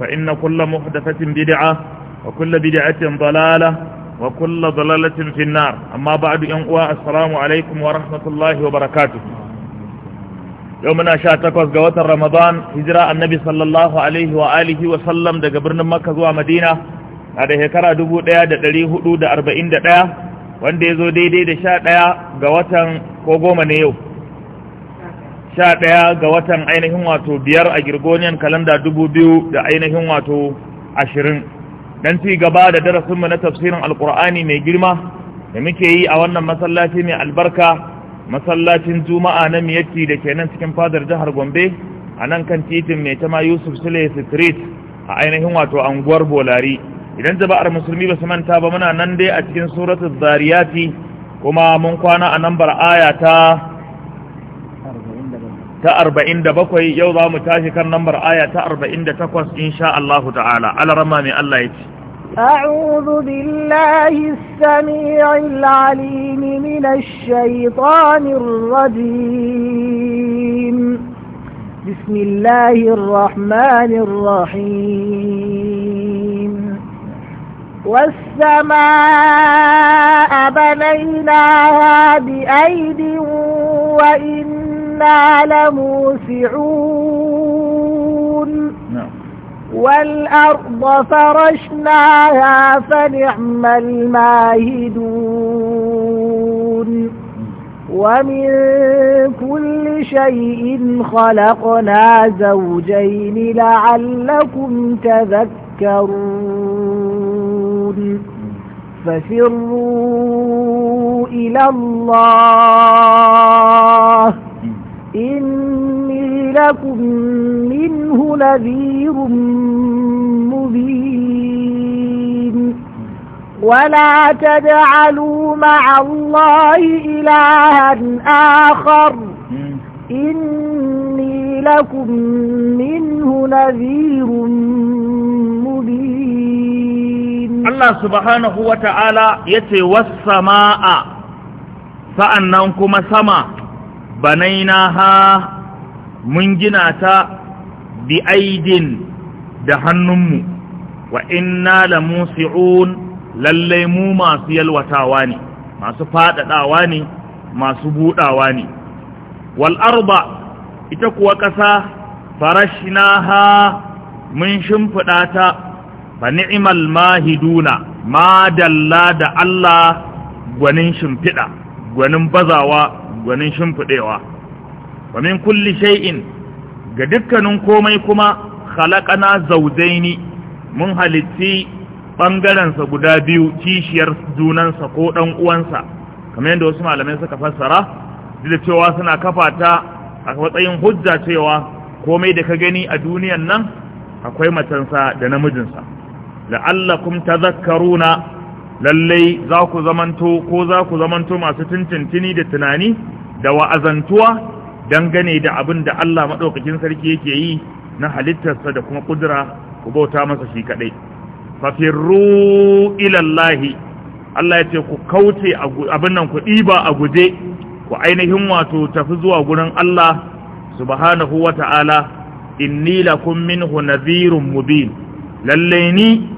فإن كل محدثة بدعة وكل بدعة ضلالة وكل ضلالة في النار أما بعد ينقوى السلام عليكم ورحمة الله وبركاته يومنا شاتكوز قوات رمضان هجراء النبي صلى الله عليه وآله وسلم دا قبرنا مكة ومدينة هذا هكرا دبو ديا دا دليه دا أربعين دا ديا وان ديزو دي دي دا شات ديا قواتا كوغوما نيو sha ɗaya ga watan ainihin wato biyar a girgoniyan kalanda dubu biyu da ainihin wato ashirin don ci gaba da darasinmu na tafsirin alkur'ani mai girma da muke yi a wannan masallaci mai albarka masallacin juma'a na miyatti da ke nan cikin fadar jihar gombe a nan kan titin mai tama yusuf sule street a ainihin wato anguwar bolari idan jama'ar musulmi ba su manta ba muna nan dai a cikin suratul zariyati kuma mun kwana a nambar aya ta ta 47 yau za mu tashi kan lambar aya ta 48 insha Allah ta'ala alarama mai Allah ya ce أعوذ بالله السميع العليم من الشيطان الرجيم بسم الله الرحمن الرحيم والسماء بنيناها بأيد وإن إِنَّا لَمُوسِعُونَ نعم وَالْأَرْضَ فَرَشْنَاهَا فَنِعْمَ الْمَاهِدُونَ وَمِن كُلِّ شَيْءٍ خَلَقْنَا زَوْجَيْنِ لَعَلَّكُمْ تَذَكَّرُونَ فَفِرُّوا إِلَى اللَّهِ إني لكم منه نذير مبين ولا تجعلوا مع الله إلها آخر إني لكم منه نذير مبين الله سبحانه وتعالى يتوى السماء فأنكم سماء banainaha mun gina ta bi aidin da hannunmu wa inna la musi'un lallai mu masu yalwatawa ne masu fadadawa ne masu budawa ne wal arba ita kuwa ƙasa farashnaha mun shimfida ta fa ni'mal mahiduna ma dalla da Allah gwanin shimfida gwanin bazawa gwanin shimfiɗewa wa kulli shay'in ga dukkanin komai kuma khalaqana zawjaini mun halitti ɓangarensa guda biyu kishiyar junansa ko dan uwansa kamar yadda wasu malamai suka fassara da cewa suna kafa ta a matsayin hujja cewa komai da ka gani a duniyan nan akwai matansa da namijinsa la'allakum tadhakkaruna lallai za ku zamanto ko za ku zamanto masu tuntuntuni da tunani da wa'azantuwa dangane da abin da Allah maɗaukakin sarki yake yi na halittarsa da kuma kudura ku bauta masa shi kaɗai fafirru ilallahi Allah ya ce ku kauce abin nan ku ɗiba a guje ku ainihin wato tafi zuwa gurin Allah subhanahu wa ta'ala inni lakum minhu nadhirun mubin lallai ni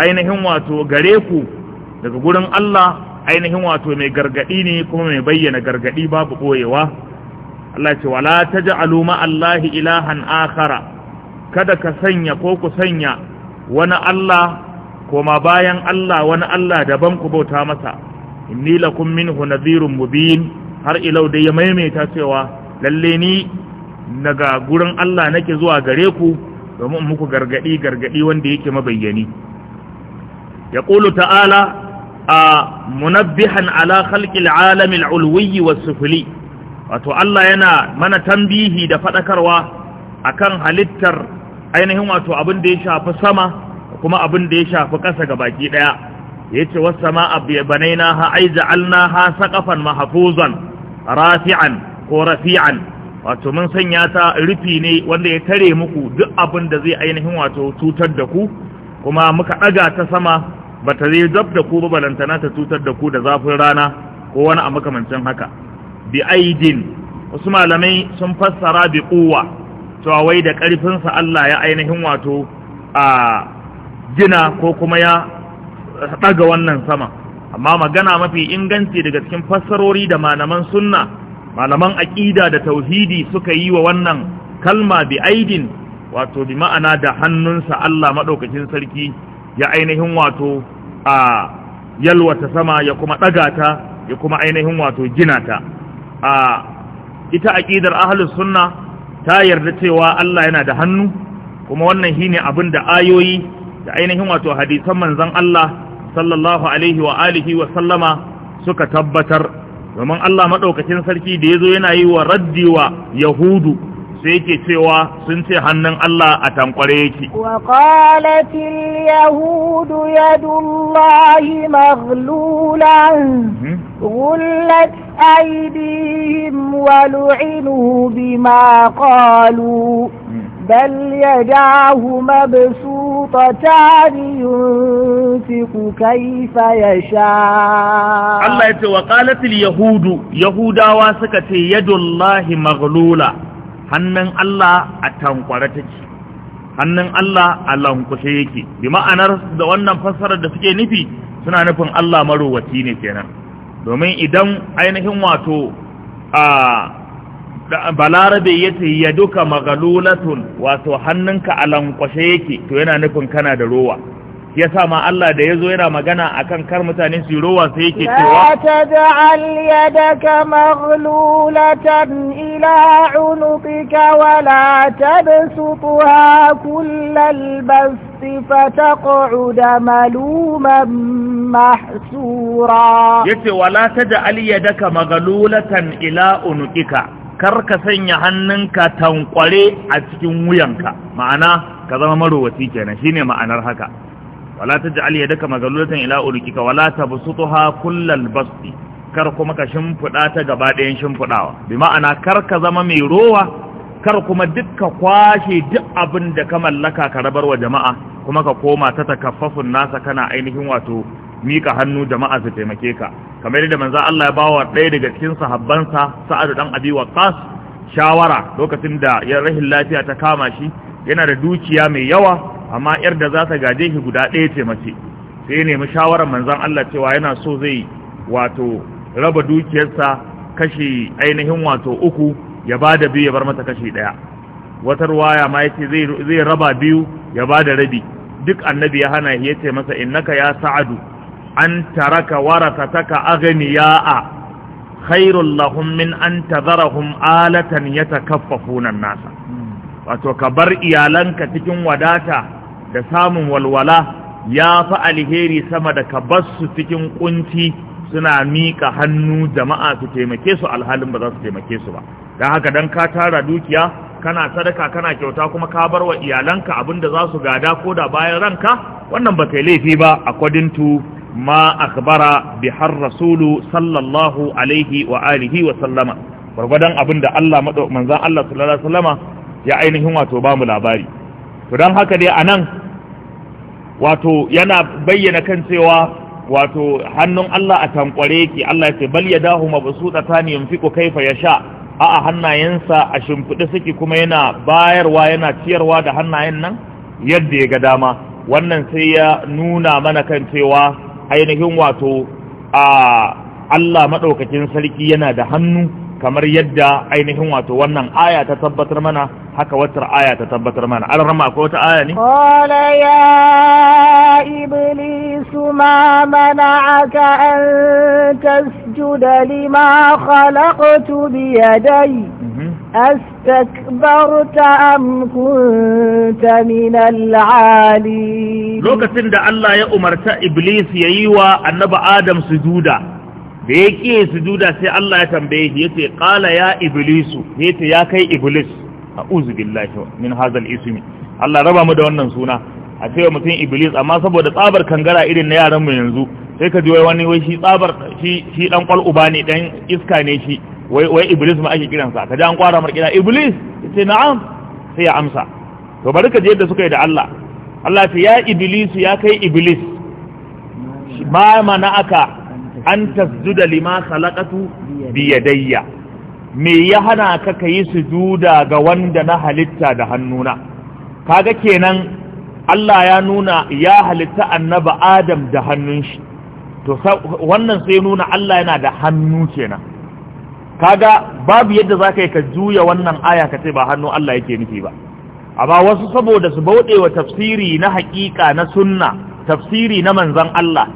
ainihin wato gare ku daga gurin Allah ainihin wato mai gargadi ne kuma mai bayyana gargadi babu boyewa Allah ce wala taj'alu ma Allahi ilahan akhara kada ka sanya ko ku sanya wani Allah koma bayan Allah wani Allah daban ku bauta masa inni lakum minhu nadhirun mubin har ilau da ya maimaita cewa lalle ni daga gurin Allah nake zuwa gare ku domin muku gargadi gargadi wanda yake mabayyani ya ta'ala a munabbihan ala khalqil alamil ulwi was sufli wato Allah yana mana tambihi da fadakarwa akan halittar ainihin wato abin da ya shafi sama kuma abin da ya shafi ƙasa ga baki daya yace was samaa banainaha ha saqafan mahfuzan rafi'an ko rafi'an wato mun sanya ta rufi ne wanda ya tare muku duk abin da zai ainihin wato cutar da ku kuma muka daga ta sama ba ta zai zab da ku ba balantana ta cutar da ku da zafin rana ko wani a makamancin haka bi aidin wasu malamai sun fassara bi kuwa cewa wai da ƙarfinsa Allah ya ainihin wato a gina ko kuma ya ɗaga wannan sama amma magana mafi inganci daga cikin fassarori da malaman sunna malaman aƙida da tauhidi suka yi wa wannan kalma bi aidin wato bi ma'ana da hannunsa Allah maɗaukacin sarki ya ainihin wato a yalwata sama ya kuma ɗaga ta ya kuma ainihin wato gina ta a ita aƙidar ahalus sunna ta yarda cewa Allah yana da hannu kuma wannan ne abin da ayoyi da ainihin wato hadisan manzon Allah sallallahu alaihi wa alihi wa sallama suka tabbatar domin Allah maɗaukacin sarki da ya zo yana yi wa raddi wa yahudu sai yake cewa sun ce hannun Allah a tankware yake. Wa qalatil yahudu yadullahi maghlulan hmm? gullat aydihim wa lu'inu bima qalu بل يداه مبسوطتان ينفق كيف يشاء الله يتوى وقالت اليهود يهودا واسكتي يد الله مغلوله hannun Allah a tankwara take hannun Allah a lankushe yake bi ma'anar da wannan fassarar da suke nufi suna nufin Allah marowaci ne kenan domin idan ainihin wato a balarabe ya ce ya duka magalulatun wato hannunka a lankwashe yake to yana nufin kana da rowa ya sa ma Allah da ya zo yana magana a kan kar mutane su rowa sai yake cewa la ta da'al yadaka maghlulatan ila unuqika wa la tabsutuha kullal basti fataq'uda maluman mahsura yace wa la ta da'al yadaka maghlulatan ila unuqika kar ka sanya hannunka tankware a cikin wuyanka ma'ana ka zama marowaci kenan shine ma'anar haka wala ta taj'al yadaka magalulatan ila urkika wala tabsutha kullal basti kar kuma ka shimfiɗa ta gaba ɗayan shimfiɗawa bi ma'ana kar ka zama mai rowa kar kuma dukka kwashe duk abin da ka mallaka ka rabar wa jama'a kuma ka koma ta takaffafun nasa kana ainihin wato mika hannu jama'a su taimake ka kamar yadda manzo Allah ya bawa ɗaya daga cikin sahabbansa Sa'ad dan Abi Waqqas shawara lokacin da ya rahil lafiya ta kama shi yana da dukiya mai yawa amma yar da za ta gaje shi guda ɗaya ce mace sai nemi shawarar manzon Allah cewa yana so zai wato raba dukiyarsa kashi ainihin wato uku ya ba da biyu ya bar mata kashi ɗaya wata ruwaya ma yace zai raba biyu ya ba da rabi duk annabi ya hana ya ce masa innaka ya sa'adu an taraka warasataka aghniya'a khairul lahum min an tadarahum alatan yatakaffafuna an-nasa hmm. wato ka bar iyalanka cikin wadata da samun walwala ya fi alheri sama da ka bar su cikin kunci suna mika hannu jama'a su taimake su alhalin ba za su taimake su ba don haka don ka tara dukiya kana sadaka kana kyauta kuma ka bar wa iyalanka abin da za su gada ko da bayan ranka wannan ba kai laifi ba according to ma akhbara bi har rasulu sallallahu alaihi wa alihi wa sallama gwargwadon abin da Allah manzan Allah sallallahu alaihi wa sallama ya ainihin wato ba mu labari to don haka dai nan. wato yana bayyana kan cewa wato hannun Allah a tankware yake Allah ya ce bal yadahu mabsutatani yunfiku kaifa yasha a a hannayensa a shimfiɗa suke kuma yana bayarwa yana ciyarwa da hannayen nan yadda ya ga dama wannan sai ya nuna mana kan cewa ainihin wato a Allah madaukakin sarki yana da hannu kamar yadda ainihin wato wannan aya ta tabbatar mana haka wata aya ta tabbatar mana an rama akwai wata aya ne qala ya iblisu ma mana'aka an tasjuda lima khalaqtu bi yadayya mhm. astakbarta am kunta min al lokacin da Allah ya umarta iblis yayi wa annabi Adam sujuda da ya ƙi sujuda sai Allah ya tambaye shi yace qala ya iblisu yace ya kai iblis a'udhu billahi min hazal ismi Allah raba mu da wannan suna a cewa mutum iblis amma saboda tsabar kangara irin na yaran mu yanzu sai ka ji wai wani wai shi tsabar shi shi dan kwal uba ne dan iska ne shi wai wai iblis ma ake kiransa ka ji an kwara mar kira iblis yace na'am sai ya amsa to bari ka je yadda suka yi da Allah Allah ya iblisu ya kai iblis ma mana aka an tasjuda lima khalaqatu bi yadayya me ya hana ka su juda ga wanda na halitta da hannuna kaga kenan Allah ya nuna ya halitta annaba Adam da hannun shi to wannan sai nuna Allah yana da hannu kenan kaga babu yadda zaka yi ka juya wannan aya ka ce ba hannu Allah yake nufi ba amma wasu saboda su bauɗe wa tafsiri na haƙiƙa na sunna tafsiri na manzon Allah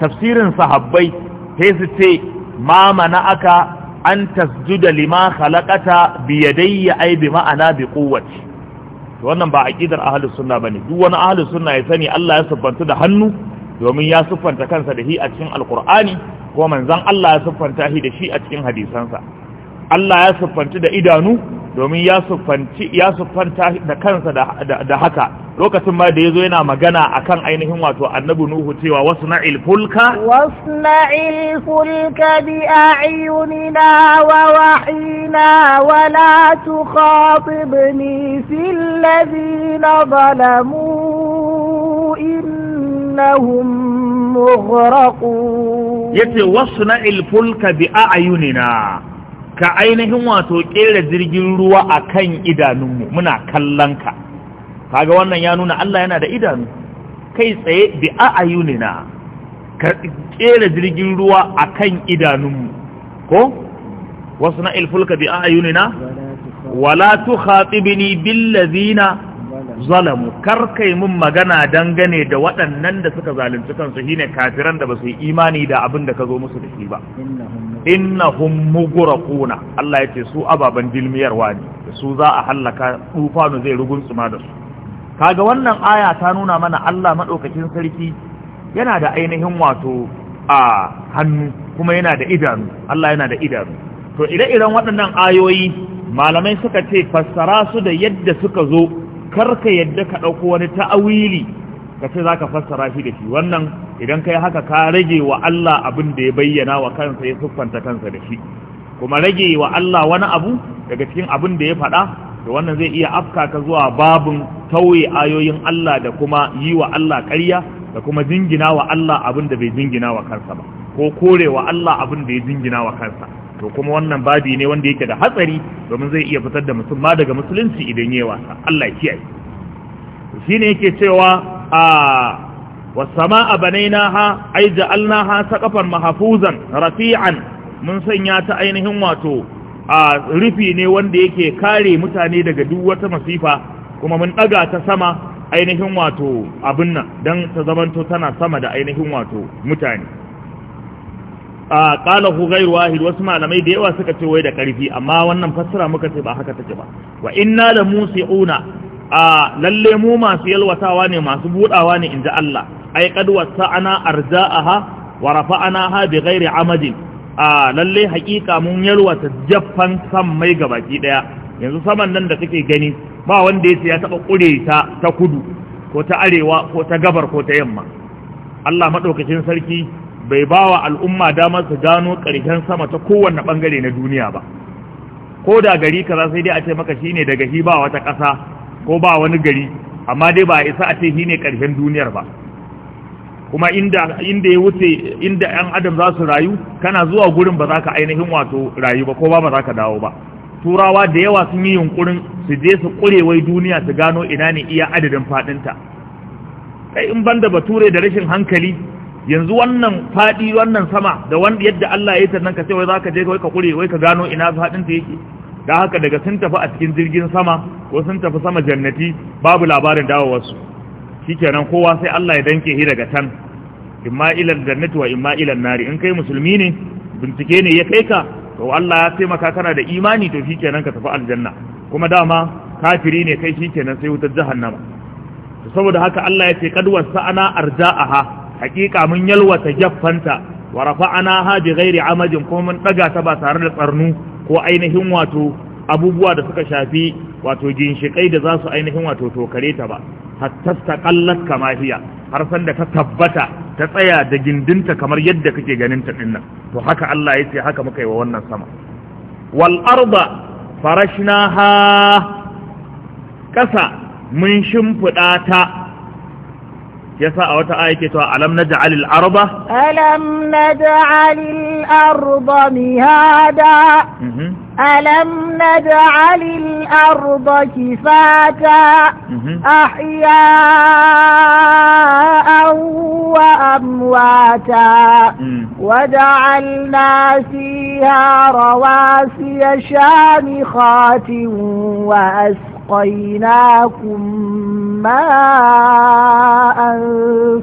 tafsirin sahabbai sai su ce ma mana aka an tasjuda lima khalaqata bi yadayya ay bi ma'ana bi quwwati wannan ba aqidar ahlus sunna bane duk wani ahlus sunna ya sani Allah ya siffanta da hannu domin ya siffanta kansa da shi a cikin alqur'ani ko manzon Allah ya siffanta shi da shi a cikin hadisansa Allah ya siffanta da idanu domin ya siffanci ya siffanta da kansa da haka lokacin ma da ya zo yana magana a kan ainihin wato annabu nuhu cewa wasna'il fulka wasna'il fulka bi a'yunina wa wahina wa la tukhatibni fil ladina zalamu innahum mughraqun yace wasna'il fulka bi a'yunina ka ainihin wato kera jirgin ruwa a kan idanunmu muna kallon ka kaga wannan ya nuna Allah yana da idanu kai tsaye bi ayunina ka kera jirgin ruwa akan idanunmu ko wasu na ilfulka bi ayunina wala tukhatibni bil ladina zalamu kar kai mun magana dangane da waɗannan da suka zalunci kansu shine kafiran da ba su yi imani da abin da ka zo musu da shi ba innahum mugraquna Allah yace su ababan dilmiyarwa ne su za a halaka tufanu zai rugunsu ma da su kaga wannan aya ta nuna mana Allah madaukakin sarki yana da ainihin wato a hannu kuma yana da idanu Allah yana da idanu to ire-iren waɗannan ayoyi malamai suka ce fassara su da yadda suka zo karka yadda ka ɗauko wani ta'awili ka ce za ka fassara shi da shi wannan idan ka yi haka ka rage wa Allah abin da ya bayyana wa kansa ya siffanta kansa da shi kuma rage wa Allah wani abu daga cikin abin da ya faɗa to wannan zai iya afka ka zuwa babun tauye ayoyin Allah da kuma yi wa Allah ƙarya da kuma jingina wa Allah abin da bai jingina wa kansa ba ko korewa wa Allah abin da ya jingina wa kansa to kuma wannan babi ne wanda yake da hatsari domin zai iya fitar da musulma daga musulunci idan yi wasa Allah ya kiyaye shine yake cewa a wasama'a banainaha ai ja'alnaha saqafan mahfuzan rafi'an mun sanya ta ainihin wato a rufi ne wanda yake kare mutane daga duk wata masifa kuma mun daga ta sama ainihin wato abin nan don ta zamanto tana sama da ainihin wato mutane a qalahu ghairu wahid wasu malamai da yawa suka ce wai da karfi amma wannan fassara muka ce ba haka take ba wa inna la musiuna a lalle mu masu yalwatawa ne masu budawa ne inda Allah ai qad wasa'ana arza'aha wa rafa'anaha bi ghairi amadin a lalle hakika mun yarwa ta jaffan san mai gabaki daya yanzu saman nan da kake gani ba wanda yace ya taba kure ta ta kudu ko ta arewa ko ta gabar ko ta yamma Allah madaukakin sarki bai bawa al'umma damar su gano karshen sama ta kowanne bangare na duniya ba ko da gari kaza sai dai a ce maka shine daga hi ba wata ƙasa ko ba wani gari amma dai ba isa a ce shine karshen duniyar ba kuma inda ya wuce inda yan adam za su rayu kana zuwa gurin ba za ka ainihin wato rayu ba ko ba za ka dawo ba turawa da yawa sun yi yunkurin su je su kurewai duniya su gano ina ne iya adadin fadinta kai in banda bature da rashin hankali yanzu wannan faɗi wannan sama da wanda yadda Allah ya yi tannan ka ce wai ka je kai ka kure wai ka gano ina fadinta yake da haka daga sun tafi a cikin jirgin sama ko sun tafi sama jannati babu labarin dawowarsu shikenan kowa sai Allah ya danke shi daga tan imma ilal jannati wa imma ilal nari in kai musulmi ne bincike ne ya kai ka to Allah ya taimaka kana da imani to shikenan ka tafi aljanna kuma dama kafiri ne kai shikenan sai wutar jahannama to saboda haka Allah ya ce kad wasa'ana arja'aha hakika mun yalwata jaffanta wa rafa'ana ha bi ghairi amajin kuma mun daga ta ba tare da tsarnu ko ainihin wato abubuwa da suka shafi wato ginshikai da za su ainihin wato tokare ta ba hatta ta kallat kama hiya har san da ta tabbata ta tsaya da gindinta kamar yadda kake ganin ta din nan to haka Allah ya ce haka muka yi wa wannan sama wal arda farashnaha kasa mun shimfida ta yasa a wata aya ke cewa alam naj'al al-arda alam naj'al al-arda mihada mhm. ألم نجعل الأرض كفاتا أحياء وأمواتا وجعلنا فيها رواسي شامخات وأسقيناكم ماء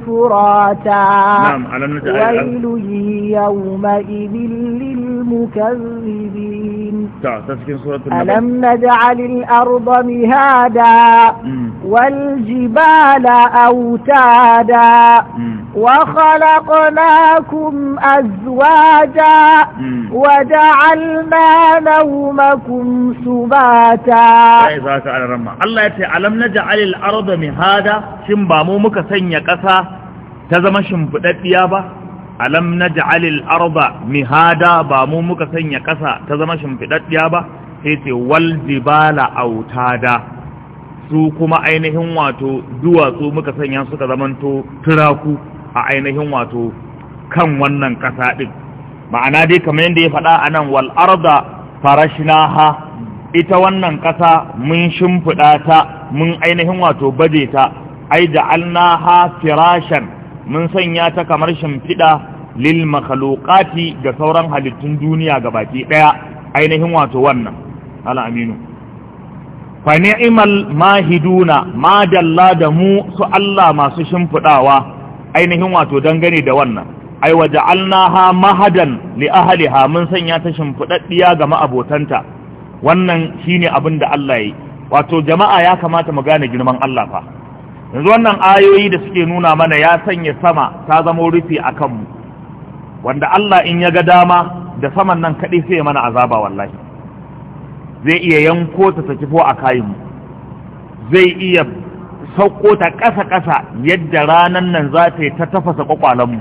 فراتا نعم على ويل يومئذ للمكذبين ألم نجعل الأرض مهادا والجبال أوتادا وخلقناكم أزواجا وجعلنا نومكم سباتا الله يتي ألم نجعل الأرض مهادا شنبامو مكسن يكسا تزم شنفدت يابا ألم نجعل الأرض مهادا بامو مكسن يكسا تزم شنفدت يابا يتي والجبال أوتادا su kuma ainihin wato duwatsu muka sanya suka zamanto turaku a ainihin wato kan wannan ƙasa ɗin ma'ana dai kamar yadda ya faɗa a nan wal'arda farashinaha ita wannan ƙasa mun shimfiɗa ta mun ainihin wato baje ta ai da ha firashan mun sanya ta kamar shimfiɗa lil makhluqati ga sauran halittun duniya ga baki ɗaya ainihin wato wannan ala aminu fa mahiduna ma dalla da mu su Allah masu shimfiɗawa. ainihin wato dangane da wannan ai waja'alnaha mahadan li ahliha mun sanya ta shimfudaddiya ga ma'abotanta wannan shine abin da Allah yi wato jama'a ya kamata mu gane girman Allah fa yanzu wannan ayoyi da suke nuna mana ya sanya sama ta zama rufi akan mu wanda Allah in ya ga dama da saman nan kadai sai mana azaba wallahi zai iya yanko ta saki ko a kayin mu zai iya sauko ta ƙasa-ƙasa yadda ranar nan za ta yi ta tafasa kwakwalanmu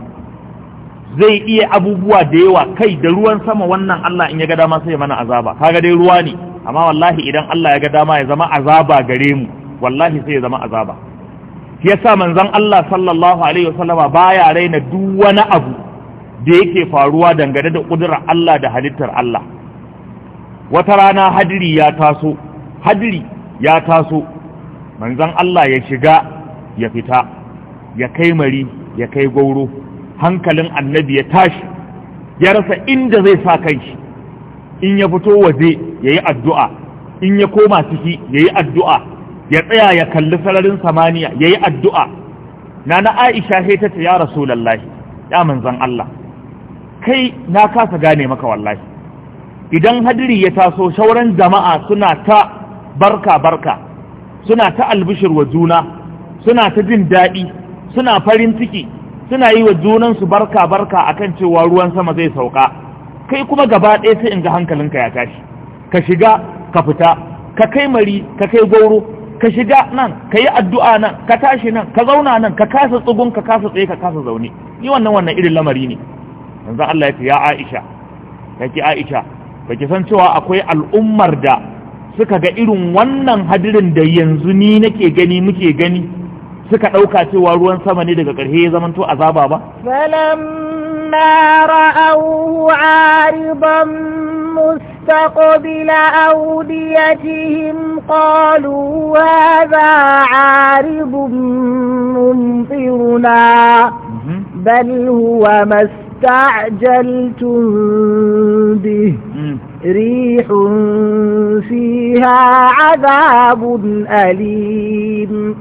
zai iya abubuwa da yawa kai da ruwan sama wannan Allah in ya ga dama sai mana azaba kaga dai ruwa ne amma wallahi idan Allah ya ga dama ya zama azaba gare mu wallahi sai ya zama azaba yasa manzon Allah sallallahu alaihi wasallama baya raina duk wani abu da yake faruwa dangane da kudurar Allah da halittar Allah wata rana hadiri ya taso hadiri ya taso manzon Allah ya shiga ya fita ya kai mari ya kai gauro hankalin annabi ya tashi ya rasa inda zai sa kanshi in ya fito waje ya yi addu'a in ya koma ciki ya yi addu'a ya tsaya ya kalli sararin samaniya ya yi addu'a na na aisha sai ta ce ya rasulallahi ya manzan Allah kai na kasa gane maka wallahi idan hadiri ya taso shauran jama'a suna ta barka barka suna ta albishir wa juna suna ta jin daɗi suna farin ciki suna yi wa junansu barka barka akan cewa ruwan sama zai sauka kai kuma gaba ɗaya sai in ga hankalinka ya tashi ka shiga ka fita ka kai mari ka kai gauro ka shiga nan ka yi addu'a nan ka tashi nan ka zauna nan ka kasa tsugun ka kasa tsaye ka kasa zaune ni wannan wannan irin lamari ne yanzu Allah ya ce ya Aisha yake Aisha baki san cewa akwai al'ummar da suka ga irin wannan hadirin da yanzu ni nake gani muke gani suka ɗauka cewa ruwan sama ne daga ƙarshe ya zamanto azaba ba? Falamma ra'ahu ariban mustaqbila awdiyatihim qalu hadha aribun mumtiruna bal huwa mas استعجلتم به ريح فيها عذاب أليم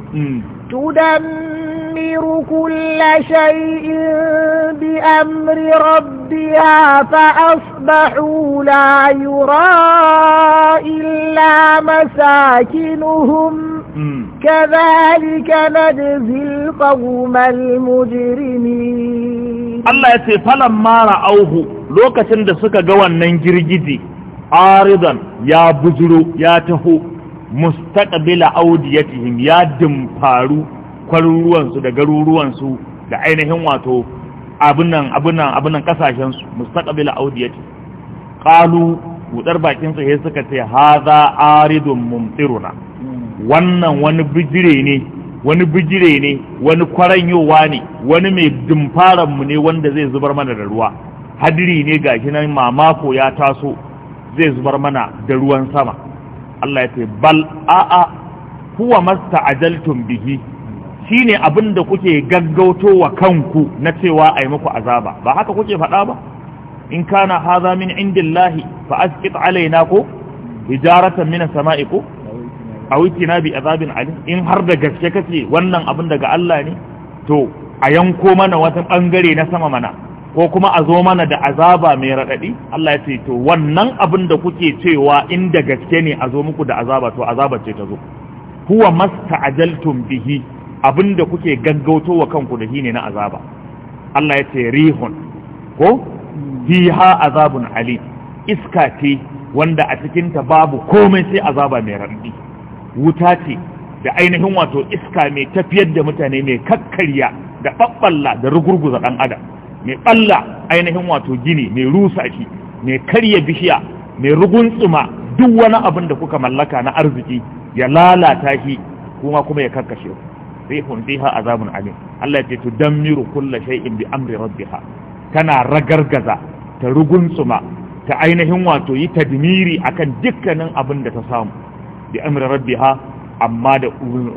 تدمر كل شيء بأمر ربها فأصبحوا لا يرى إلا مساكنهم كَذَلِكَ نَجْزِي الْقَوْمَ الْمُجْرِمِينَ Allah ya ce falamma ra'auhu lokacin da suka ga wannan girgiji aridan ya bujuro ya taho mustaqbila audiyatihim ya dimfaru kwaruruwan su da garuruwan su da ainihin wato nan abunan abunan abunan kasashen su mustaqbila audiyati qalu gudar bakin su he suka ce hadha aridun mumtiruna wannan wani bijire ne wani bijire ne wani kwaranyowa ne wani mai dimfaranmu ne wanda zai zubar mana da ruwa hadiri ne ga nan mamako ya taso zai zubar mana da ruwan sama Allah ya ce bal a'a huwa masta'ajaltum bihi shine abin da kuke gaggauto wa kanku na cewa ai muku azaba ba haka kuke faɗa ba in kana hadha min indillahi fa asqit alaina ko hijaratan mina sama'i ko a wuce na bi azabin ali in har da gaske kace wannan abin daga Allah ne to a yanko mana wata bangare na sama mana ko kuma a zo mana da azaba mai radadi Allah ya ce to wannan abin da kuke cewa in da gaske ne a zo muku da azaba to azaba ce ta zo huwa masta'ajaltum bihi abin da kuke gaggautowa kanku da ne na azaba Allah ya ce rihun ko fiha azabun ali iska ce wanda a cikinta babu komai sai azaba mai raɗaɗi. wuta ce da ainihin wato iska mai tafiyar da mutane mai kakkarya da ɓaɓɓalla da rugurguza ɗan adam mai ɓalla ainihin wato gini mai rusa mai karya bishiya mai ruguntsuma duk wani abin da kuka mallaka na arziki ya lalata shi kuma kuma ya karkashe ku ji ha azabun alim Allah ya ce to damiru kullu shay'in bi amri rabbiha tana ragargaza ta tsuma ta ainihin wato yi tadmiri akan dukkanin abin da ta samu bi amri rabbiha amma da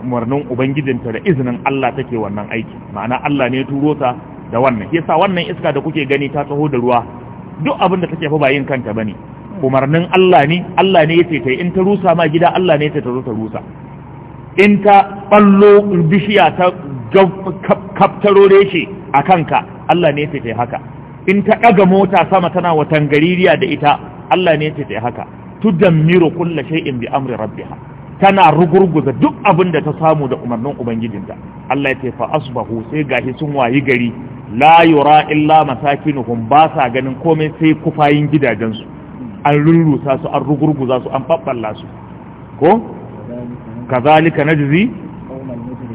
umarnin ubangijinta da izinin Allah take wannan aiki ma'ana Allah ne turo ta da wannan yasa wannan iska da kuke gani ta taho da ruwa duk abin da take fa ba yin kanta bane umarnin Allah ne Allah ne yace ta in ta rusa ma gida Allah ne yace ta zo ta rusa in ta ballo bishiya ta kaftaro reshe a kanka Allah ne yace ta haka in ta daga mota sama tana watan gaririya da ita Allah ne yace ta haka tudammiru kulla shay'in bi amri rabbiha tana rugurguza duk abin da ta samu da umarnin ubangijinta Allah ya ce fa asbahu sai gashi sun wayi gari la yura illa masakinuhum ba sa ganin komai sai kufayin gidajensu an rurrusa su an rugurguza su an babballa su ko kazalika najzi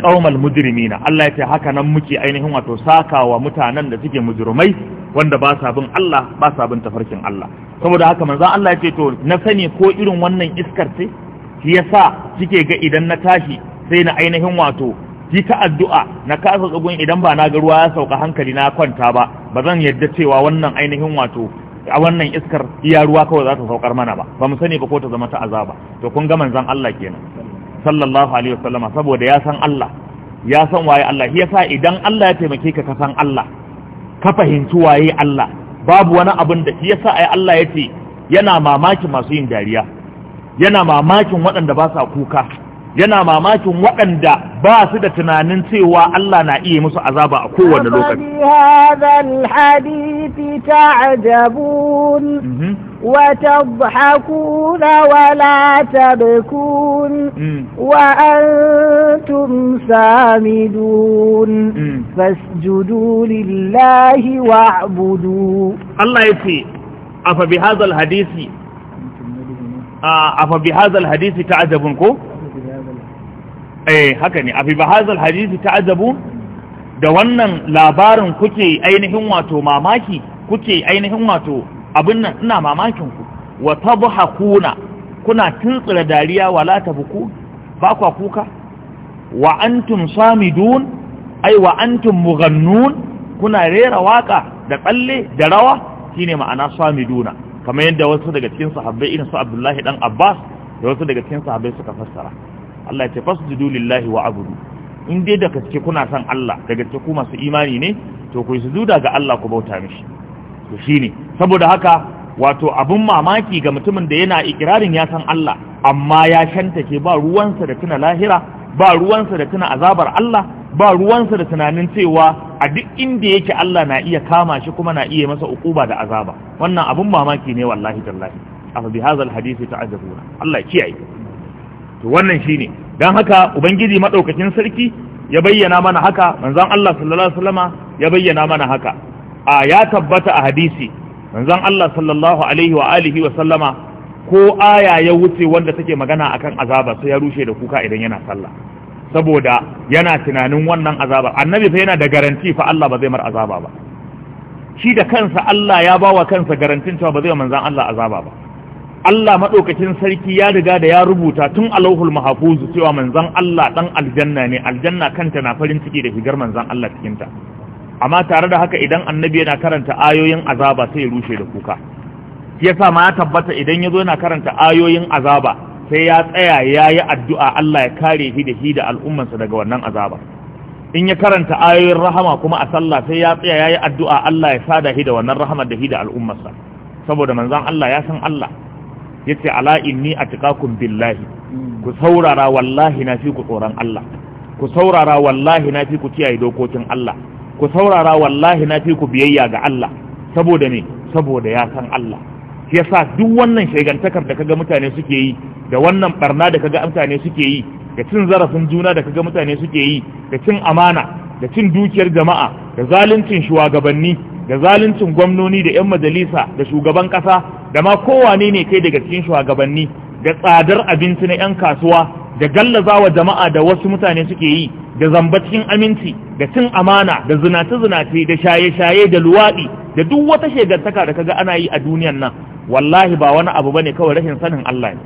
qaumal mujrimina Allah ya ce haka nan muke ainihin wato sakawa mutanen da suke mujrimai wanda ba sa bin Allah ba sa bin tafarkin Allah saboda haka manzan Allah ya ce to na sani ko irin wannan iskar ce shi yasa kike ga idan na tashi sai na ainihin wato ki ta addu'a na kasa tsagun idan ba na ga ruwa ya sauka hankali na kwanta ba ba zan yadda cewa wannan ainihin wato a wannan iskar iya ruwa kawai za ta saukar mana ba ba mu sani ba ko ta zama ta azaba to kun ga manzon Allah kenan sallallahu alaihi wasallam saboda ya san Allah ya san waye Allah yasa idan Allah ya taimake ka ka san Allah ka fahimci waye Allah babu wani abin da shi yasa ai Allah ya ce yana mamaki masu yin dariya yana mamakin waɗanda ba sa kuka yana mamakin waɗanda ba su da tunanin cewa Allah na iya musu azaba a kowane lokaci hadal hadithi ta'jabun mhm. wa tadhakuna wa la tabkun mm. wa antum mm. hadisi afa bi hadal hadisi ta'jabun ko eh haka ne afi ba hazal hadisi da wannan labarin kuke ainihin wato mamaki kuke ainihin wato abin nan ina mamakin ku wa tabhakuna kuna tuntsira dariya wala tabku ba kwa kuka wa antum samidun ai wa antum mughannun kuna rera waka da tsalle da rawa shine ma'ana samiduna kamar yadda wasu daga cikin sahabbai irin su Abdullahi dan Abbas da wasu daga cikin sahabbai suka fassara Allah ce fasjudu lillahi wa abudu in dai da gaske kuna son Allah da gaske ku masu imani ne to ku su duda ga Allah ku bauta mishi to shine saboda haka wato abun mamaki ga mutumin da yana ikirarin ya san Allah amma ya shantake ba ruwansa da tuna lahira ba ruwansa da tuna azabar Allah ba ruwansa da tunanin cewa a duk inda yake Allah na iya kama shi kuma na iya masa ukuba da azaba wannan abun mamaki ne wallahi tallahi afa bi hadha alhadith ta'ajabuna Allah kiyaye to wannan shine dan haka ubangiji madaukakin sarki ya bayyana mana haka manzon Allah sallallahu alaihi wasallama ya bayyana mana haka a ya tabbata a hadisi manzon Allah sallallahu alaihi wa alihi wa ko aya ya wuce wanda take magana akan azaba sai ya rushe da kuka idan yana sallah saboda yana tunanin wannan azaba annabi fa yana da garanti fa Allah ba zai mar azaba ba shi da kansa Allah ya bawa kansa garantin cewa ba zai manzon Allah azaba ba Allah maɗaukacin sarki ya riga da ya rubuta tun alauhul mahafuzu cewa manzan Allah ɗan aljanna ne aljanna kanta na farin ciki da shigar manzan Allah cikinta amma tare da haka idan annabi yana karanta ayoyin azaba sai ya rushe da kuka shi yasa ma ya tabbata idan ya zo yana karanta ayoyin azaba sai ya tsaya ya yi addu'a Allah ya kare shi da shi da al'ummansa daga wannan azaba in ya karanta ayoyin rahama kuma a sallah sai ya tsaya ya yi addu'a Allah ya sada shi da wannan rahamar da shi da al'ummarsa saboda manzan Allah ya san Allah yace ala inni atqakum billahi ku saurara wallahi na fi ku tsoron Allah ku saurara wallahi na fi ku kiyaye dokokin Allah ku saurara wallahi na fi ku biyayya ga Allah saboda ne saboda ya san Allah shi yasa duk wannan shegantakar da kaga mutane suke yi da wannan barna da kaga mutane suke yi da cin zarafin juna da kaga mutane suke yi da cin amana da cin dukiyar jama'a da zaluncin shugabanni da zaluncin gwamnoni da 'yan majalisa da shugaban ƙasa da ma kowane ne kai daga cikin shugabanni da tsadar abinci na 'yan kasuwa da gallazawa jama'a da wasu mutane suke yi da zamba cikin aminci da cin amana da zinace-zinace da shaye-shaye da luwaɗi da duk wata shegantaka da kaga ana yi a duniyan nan wallahi ba wani abu bane kawai rashin sanin Allah ne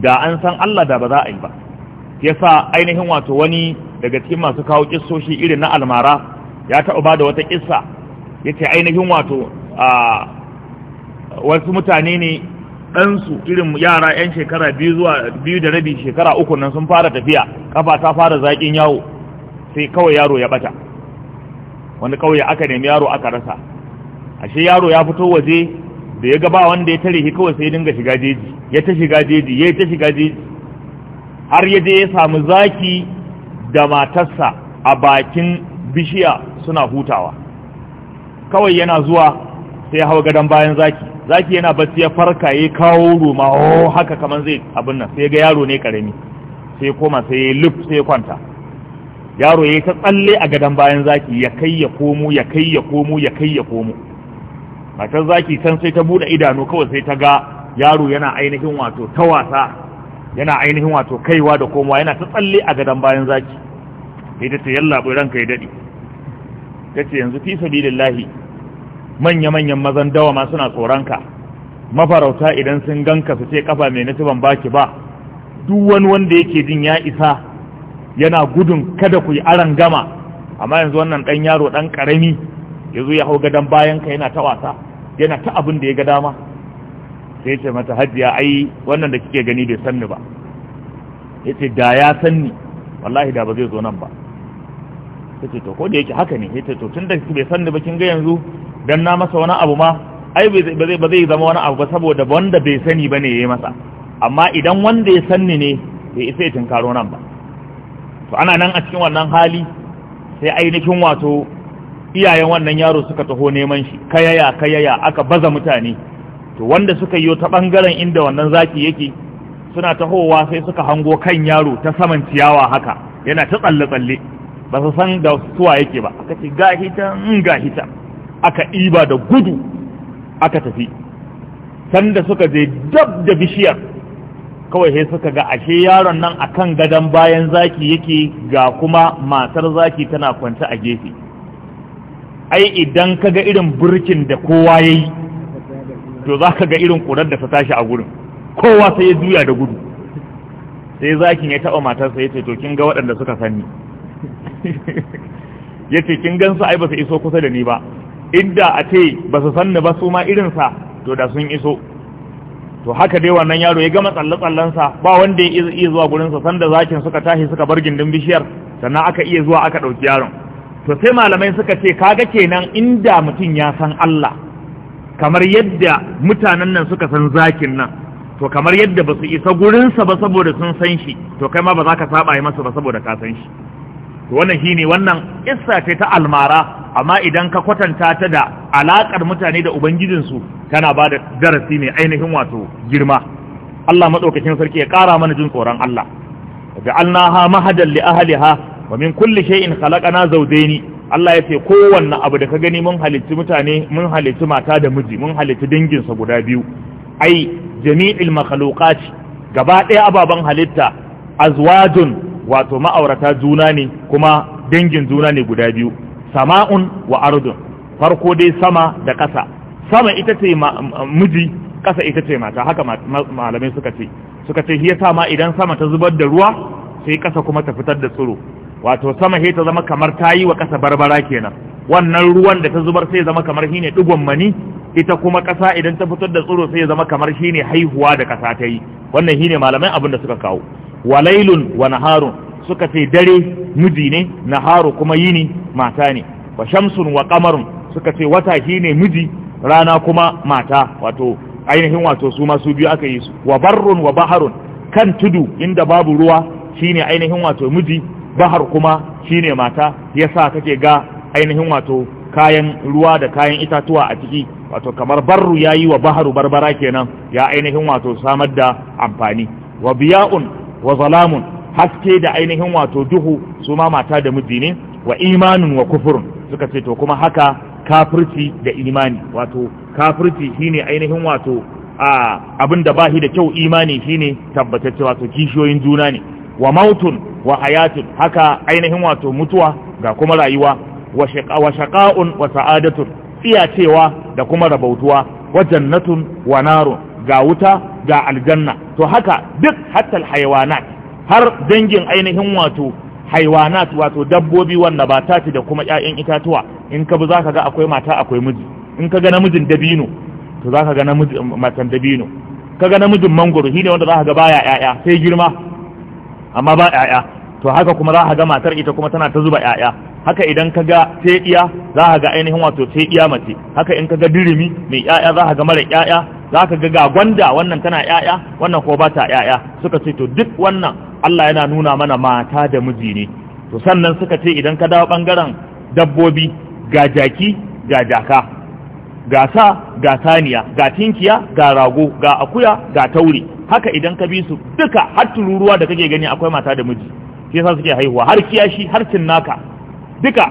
da an san Allah da ba za a yi ba yasa ainihin wato wani daga cikin masu kawo kissoshi irin na almara ya taɓa ba da wata kissa yace ainihin wato a wasu mutane ne ɗansu irin yara 'yan shekara biyu zuwa biyu da rabi shekara uku nan sun fara tafiya kafa ta fara zaƙin yawo sai kawai yaro ya bata wani kawai aka nemi yaro aka rasa ashe yaro ya fito waje da ya gaba wanda ya tare shi kawai sai dinga shiga jeji ya ta shiga jeji ya ta shiga jeji har ya je ya samu zaki da matarsa a bakin bishiya suna hutawa kawai yana zuwa sai hawa gadon bayan zaki zaki yana bacci ya farka ya kawo ruma oh haka kamar zai abin nan sai ga yaro ne karami sai koma sai ya lif sai ya kwanta yaro ya ta tsalle a gadon bayan zaki ya kai ya komo ya kai ya komo ya kai ya komo matar zaki can sai ta bude idanu kawai sai ta ga yaro yana ainihin wato ta wasa yana ainihin wato kaiwa da komowa yana ta tsalle a gadon bayan zaki sai ta ce yalla ranka ya dade kace yanzu fi sabilillahi manya manyan mazan dawa ma suna tsoronka mafarauta idan sun ganka su ce kafa mai nace ban baki ba duk wani wanda yake jin ya isa yana gudun kada ku yi aran gama amma yanzu wannan dan yaro dan karami yazo ya hau gadan bayan ka yana ta wasa yana ta abin da ya ga dama sai ce mata hajiya ai wannan da kike gani bai sanni ba yace da ya sanni wallahi da ba zai zo nan ba yace to ko da yake haka ne yace to tunda bai san da bakin ga yanzu dan na masa wani abu ma ai ba zai zama wani abu ba saboda wanda bai sani bane yayi masa amma idan wanda ya sanni ne bai isa ya tinkaro nan ba to ana nan a cikin wannan hali sai ainihin wato iyayen wannan yaro suka taho neman shi kayaya kayaya aka baza mutane to wanda suka yi ta bangaren inda wannan zaki yake suna tahowa sai suka hango kan yaro ta saman ciyawa haka yana ta tsalle-tsalle ba su san da suwa yake ba aka ce ga in mm, ga aka ɗiba da gudu aka tafi sanda suka je dab da bishiyar kawai sai suka ga ashe yaron nan akan gadon bayan zaki yake ga kuma matar zaki tana kwance a gefe ai idan ka ga irin burkin da kowa ya yi to za ka ga irin ƙurar da ta tashi a gurin kowa sai ya juya da gudu sai zakin ya taɓa matarsa ya ce to kin ga waɗanda suka sani ya ce kin su ai ba su iso kusa da ni ba inda a ce ba su sanni ba su ma irinsa to da sun iso to haka dai wannan yaro ya gama tsalle-tsallensa ba wanda ya iya zuwa gurinsa sanda zakin suka tashi suka bar gindin bishiyar sannan aka iya zuwa aka ɗauki yaron to sai malamai suka ce kaga kenan inda mutum ya san Allah kamar yadda mutanen nan suka san zakin nan to kamar yadda ba su isa gurinsa ba saboda sun san shi to kai ma ba za ka saba yi masa ba saboda ka san shi wannan shi ne wannan isa ce ta almara amma idan ka kwatanta ta da alakar mutane da ubangijinsu tana ba da darasi mai ainihin wato girma Allah Maɗaukakin sarki ya ƙara mana jin tsoron Allah ja'alnaha mahadan li ahliha wa min kulli shay'in khalaqana zawdaini Allah ya ce kowanne abu da ka gani mun halitti mutane mun halitti mata da miji mun halitti dangin sa guda biyu ai jami'il makhluqat gaba ɗaya ababan halitta azwajun wato ma'aurata juna ne kuma dangin juna ne guda biyu sama'un wa ardun farko dai sama da ƙasa sama ita ce miji ƙasa ita ce mata haka malamai suka ce suka ce hiya sama idan sama ta zubar da ruwa sai ƙasa kuma ta fitar da tsoro. wato sama hiya ta zama kamar ta yi wa ƙasa barbara kenan wannan ruwan da ta zubar sai zama kamar shi ne mani ita kuma ƙasa idan ta fitar da tsoro sai zama kamar shi haihuwa da ƙasa ta yi wannan shi malamai abin da suka kawo walailun wa naharun suka ce dare miji ne naharu kuma yini mata ne wa shamsun wa kamarun suka ce wata ne miji rana kuma mata wato ainihin wato su masu biyu aka yi su wa barrun wa baharun kan tudu inda babu ruwa shine ainihin wato miji bahar kuma shine mata Ya sa kake ga ainihin wato kayan ruwa da kayan itatuwa a ciki wato kamar barru ya yi wa baharu barbara kenan ya ainihin wato samar da amfani wa biya'un wa zalamun haske da ainihin wato duhu su ma mata da miji ne wa imanun wa kufurun suka ce to kuma haka kafirci da imani wato kafirci shine ainihin wato abin da bahi da kyau imani shine tabbatacce wato kishiyoyin juna ne wa mautun wa hayatun haka ainihin wato mutuwa ga kuma rayuwa wa shaqa'un wa sa'adatun tsiyacewa da kuma rabautuwa wa jannatun wa narun ga wuta ga aljanna to haka duk hatta alhayawanat har dangin ainihin wato haiwanat wato dabbobi wanda ba ta ci da kuma ƴaƴan itatuwa in ka bi za ga akwai mata akwai miji in ka ga namijin dabino to za ga namijin matan dabino ka ga namijin mangoro shi wanda za ga baya ƴaƴa sai girma amma ba ƴaƴa to haka kuma za a ga matar ita kuma tana ta zuba ƴaƴa haka idan ka ga teɗiya za a ga ainihin wato teɗiya mace haka in ka ga dirimi mai ƴaƴa za a ga mara ƴaƴa za ka ga ga gwanda wannan tana ƴaƴa wannan ko ba ta ƴaƴa suka ce to duk wannan Allah yana nuna mana mata da miji ne to sannan suka ce idan ka dawo bangaren dabbobi ga jaki ga jaka ga sa ga saniya ga tinkiya ga rago ga akuya ga Tauri, haka idan ka bi su duka har tururuwa da kake gani akwai mata da miji shi yasa suke haihuwa har kiyashi har cinnaka duka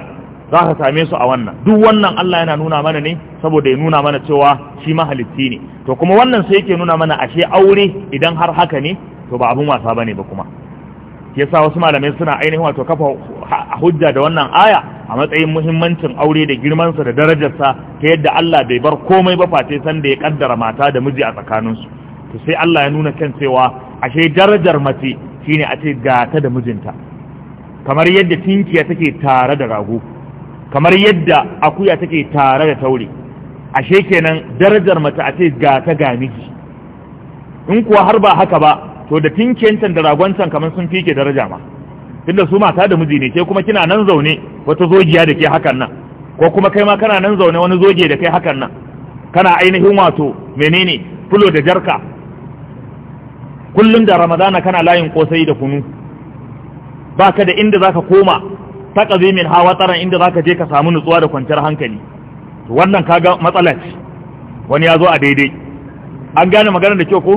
za ka same su a wannan duk wannan Allah yana nuna mana ne saboda ya nuna mana cewa shi mahalitti ne to kuma wannan sai yake nuna mana ashe aure idan har haka ne to ba abun wasa bane ba kuma yasa wasu malamai suna ainihin wato kafa hujja da wannan aya a matsayin muhimmancin aure da girman girmansa da darajar sa ta yadda Allah bai bar komai ba face san da ya kaddara mata da miji a tsakaninsu to sai Allah ya nuna kan cewa ashe darajar mace shine a ce gata da mijinta kamar yadda tinkiya take tare da rago kamar yadda akuya take tare da taure ashe kenan darajar mace a ce gata ga miji in kuwa har ba haka ba to da tinkiyancan da ragoncan kamar sun fike daraja ma tunda su mata da miji ne ke kuma kina nan zaune wata zogiya da ke hakan nan ko kuma kai ma kana nan zaune wani zoge da kai hakan nan kana ainihin wato menene fulo da jarka kullum da ramadana kana layin kosai da kunu baka da inda zaka koma ta qazimin hawa tsaron inda zaka je ka samu nutsuwa da kwanciyar hankali to wannan kaga matsala ce wani ya zo a daidai an gane magana da kyau ko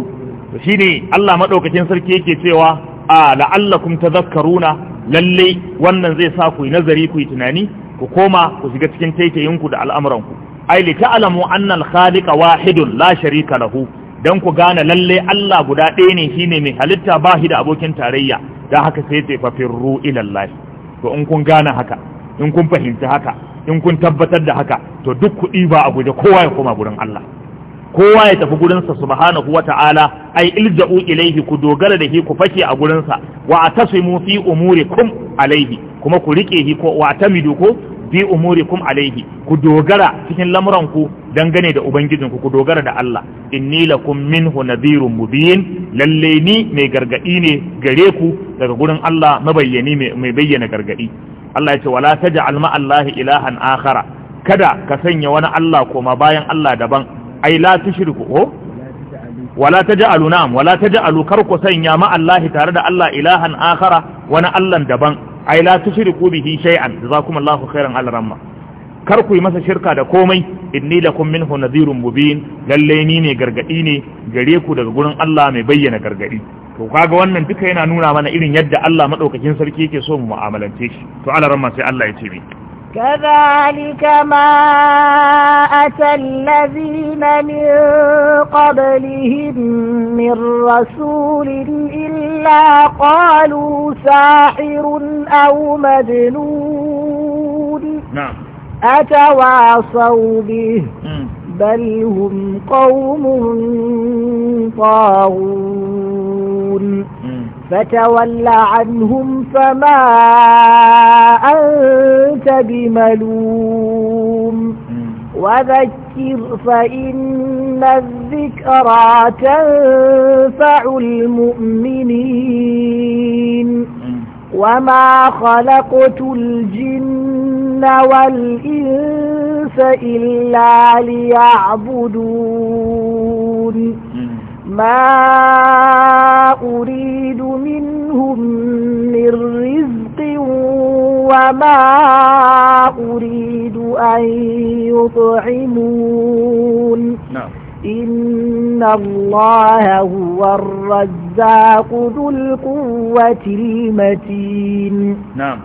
to shine Allah madaukakin sarki yake cewa a la'allakum zakaruna lallai wannan zai sa ku yi nazari ku yi tunani ku koma ku shiga cikin taitayinku da al'amuranku ai li ta'lamu anna al-khaliqa wahidun la sharika lahu don ku gane lalle Allah guda ɗaya ne shine mai halitta ba shi da abokin tarayya da haka sai ce fafirru ilallahi to in kun gane haka in kun fahimci haka in kun tabbatar da haka to duk kuɗi ba a guje kowa ya koma gurin Allah kowa ya tafi gurinsa subhanahu wa ta'ala ai ilja'u ilaihi ku dogara da shi ku fake a gurinsa wa atasimu fi kum alaihi kuma ku rike shi ko wa atamidu ko bi umurikum alaihi ku dogara cikin lamuranku dangane da ubangijinku ku dogara da Allah inni lakum minhu nadhirun mubin lalle ni mai gargadi ne gare ku daga gurin Allah mabayyani mai bayyana gargadi Allah ya ce wala taj'al ma Allah ilahan akhara kada ka sanya wani Allah koma bayan Allah daban ai la tushriku wala taj'alu na'am wala taj'alu sanya ma Allah tare da Allah ilahan akhara wani Allah daban ai la tushriku bihi shay'an jazakumullahu khairan ala ramma kar ku yi masa shirka da komai inni lakum minhu nadhirun mubin lalle ni ne gargadi ne gare ku daga gurin Allah mai bayyana gargadi to kaga wannan duka yana nuna mana irin yadda Allah madaukakin sarki yake so mu mu'amalance shi to ala ramma sai Allah ya ce mai كذلك ما أتى الذين من قبلهم من رسول إلا قالوا ساحر أو مجنون نعم أتواصوا به بل هم قوم طاغون فتول عنهم فما أنت بملوم وذكر فإن الذكرى تنفع المؤمنين وما خلقت الجن والإنس إلا ليعبدون ما أريد منهم من رزق وما أريد أن يطعمون نعم إن الله هو الرزاق ذو القوة المتين نعم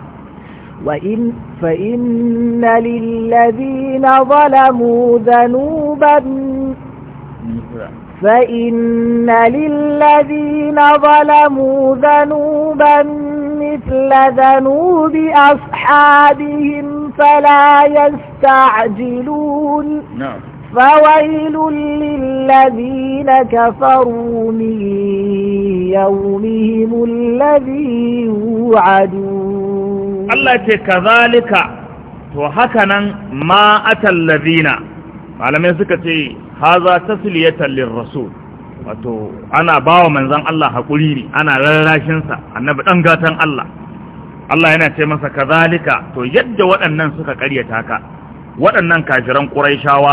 وإن فإن للذين ظلموا ذنوبا فإن للذين ظلموا ذنوبا مثل ذنوب أصحابهم فلا يستعجلون نعم فويل للذين كفروا من يومهم الذي يوعدون الله كذلك وهكذا ما أتى الذين malamai suka ce haza tasliyatan lirrasul wato ana bawa manzon Allah hakuri ne ana rarrashin sa annabi dan gatan Allah Allah yana ce masa kazalika to yadda waɗannan suka ƙaryata ka waɗannan kafiran Qurayshawa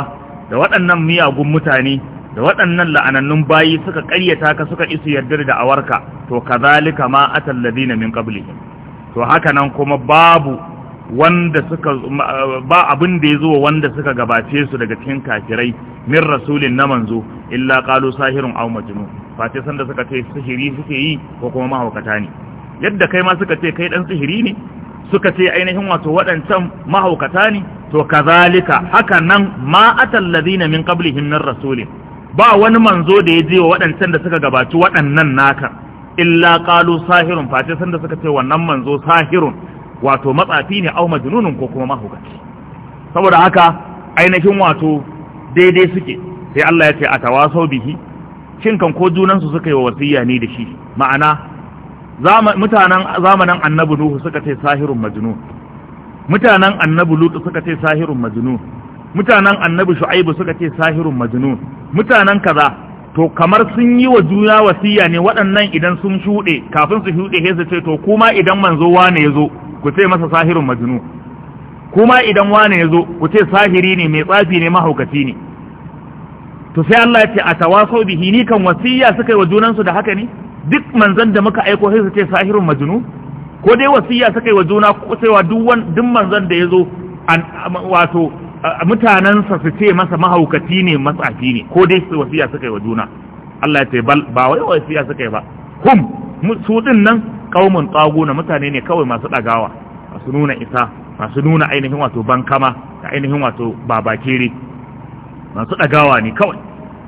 da waɗannan miyagun mutane da waɗannan la'anannun bayi suka ƙaryata ka suka isu yardar da awarka to kazalika ma atal ladina min qablihim to haka nan kuma babu wanda suka ba abin da ya zo wanda suka gabace su daga cikin kafirai min rasulin na manzo illa qalu sahirun aw majnun face san da suka ce sihiri suke yi ko kuma mahaukata ne yadda kai ma suka ce kai dan sihiri ne suka ce ainihin wato waɗancan mahaukata ne to kazalika haka nan ma atal ladina min qablihim min rasulin ba wani manzo da ya je wa wadancan da suka gabaci waɗannan naka illa qalu sahirun face san da suka ce wannan manzo sahirun wato matsafi ne au majnunun ko kuma mahukaci saboda haka ainihin wato daidai suke sai Allah ya ce a tawasau bihi cin kan ko junansu suka yi wa wasiyya ne da shi ma'ana mutanen zamanin annabi nuhu suka ce sahirun majnun mutanen annabi lutu suka ce sahirun majnun mutanen annabi shu'aibu suka ce sahirun majnun mutanen kaza to kamar sun yi wa juna wasiyya ne waɗannan idan sun shuɗe kafin su shuɗe sai su ce to kuma idan manzo wane ya zo ku ce masa sahirin majinu. kuma idan wane ya zo ku ce sahiri ne mai tsafi ne mahaukaci ne to sai Allah ya ce a tawaso bihi ni kan wasiya suka yi wa junansu da haka ne duk manzan da muka aiko sai su ce sahirin majinu? ko dai wasiya suka yi wa juna ko sai wa duk wani duk manzan da ya zo wato mutanansa su ce masa mahaukaci ne matsafi ne ko dai su wasiya suka yi wa juna Allah ya ce bal ba wai wasiya suka yi ba hum su din nan tsago na mutane ne kawai masu dagawa masu nuna isa masu nuna ainihin wato bankama da ainihin wato babakire masu dagawa ne kawai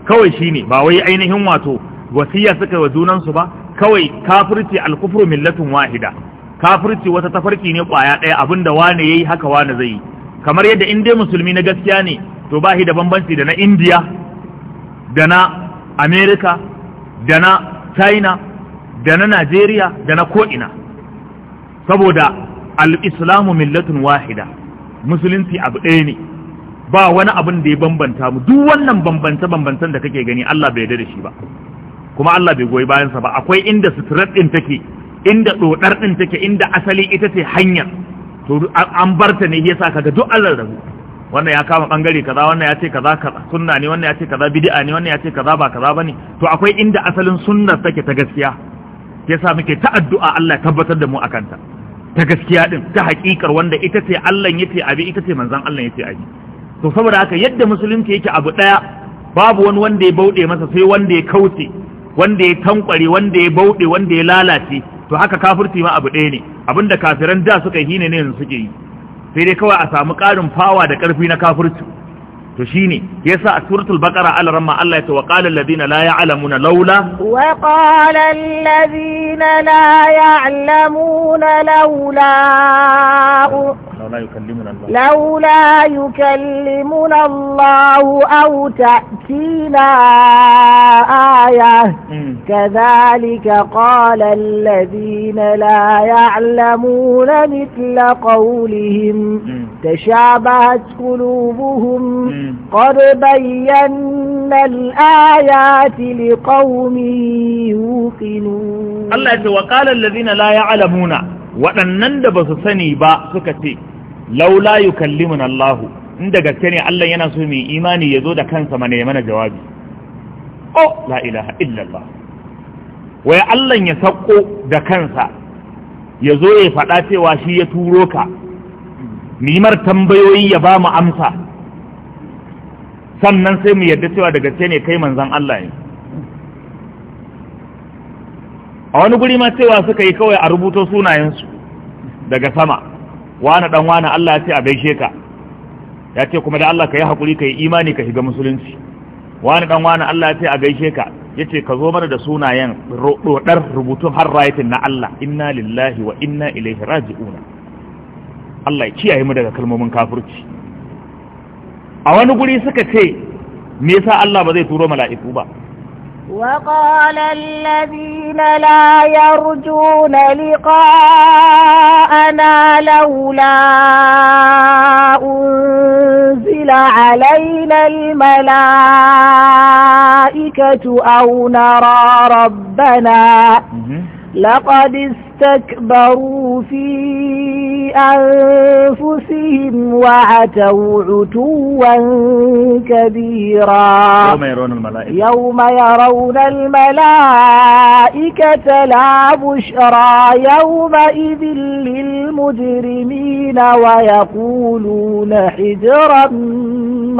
kawai shine ba wai ainihin wato wasiya suka wa junansu ba kawai kafirci alkufru millatun wahida kafirci wata tafarki ne kwaya ɗaya abinda wane yayi haka wane zai yi kamar yadda in dai musulmi na gaskiya ne to ba shi da bambanci da na indiya da na amerika da na china da na najeriya da na ko'ina saboda al'islamu millatun wahida musulunci abu ɗaya ne ba wani abin da ya bambanta mu duk wannan bambance-bambancen da kake gani Allah bai yarda da shi ba kuma Allah bai goyi bayansa ba akwai inda suturar ɗin take inda ɗoɗar ɗin take inda asali ita ce hanyar to an barta ne yasa kaga duk Allah rabu wannan ya kama bangare kaza wannan ya ce kaza kaza sunna ne wannan ya ce kaza bid'a ne wannan ya ce kaza ba kaza bane to akwai inda asalin sunnar take ta gaskiya yasa muke ta addu'a Allah tabbatar da mu a kanta? ta gaskiya din ta hakikar wanda ita ce Allah ce, abi ita ce manzon Allah ce, abi to saboda haka yadda musulunci yake abu daya babu wani wanda ya bauɗe masa sai wanda ya kauce wanda ya tankware wanda ya bauɗe wanda ya lalace to haka kafirci ma abu ɗaya ne abinda kafiran da suka yi ne ne yanzu suke yi sai dai kawai a samu ƙarin fawa da ƙarfi na kafirci to shine yasa a suratul baqara al-ramma Allah ya ce wa qala alladhina la ya'lamuna laula wa qala alladhina la ya'lamuna laula أو لا يكلمنا الله لولا يكلمنا الله أو تأتينا آية كذلك قال الذين لا يعلمون مثل قولهم تشابهت قلوبهم قد بينا الآيات لقوم يوقنون الله وقال الذين لا يعلمون وأن نندب ba با سكتي laula yukallimun Allahu, in da gaske ne Allah yana so mai imani ya zo da kansa mana ya mana jawabi oh la illallah wai Allah ya sako da kansa ya zo ya faɗa cewa shi ya turo ka nimar tambayoyi ya ba mu amsa sannan sai mu yarda cewa da gaske ne kai manzan Allah ne a wani guri ma cewa suka yi kawai a rubuto sunayensu daga sama wane dan wane Allah ya ce a gaishe ka ya ce kuma da Allah ka yi haƙuri ka yi imani ka shiga musulunci wane dan wane Allah ya ce a gaishe ka ya ce ka zo mana da sunayen rodar rubutun har rayatin na Allah inna lillahi wa inna ilaihi raji'una Allah ya kiyaye mu daga kalmomin kafirci a wani guri suka ce me yasa Allah ba zai turo mala'iku ba وقال الذين لا يرجون لقاءنا لولا أنزل علينا الملائكة أو نرى ربنا لقد استكبروا فيه بأنفسهم وعتوا عتوا كبيرا يوم يرون الملائكة يوم يرون الملائكة لا بشرى يومئذ للمجرمين ويقولون حجرا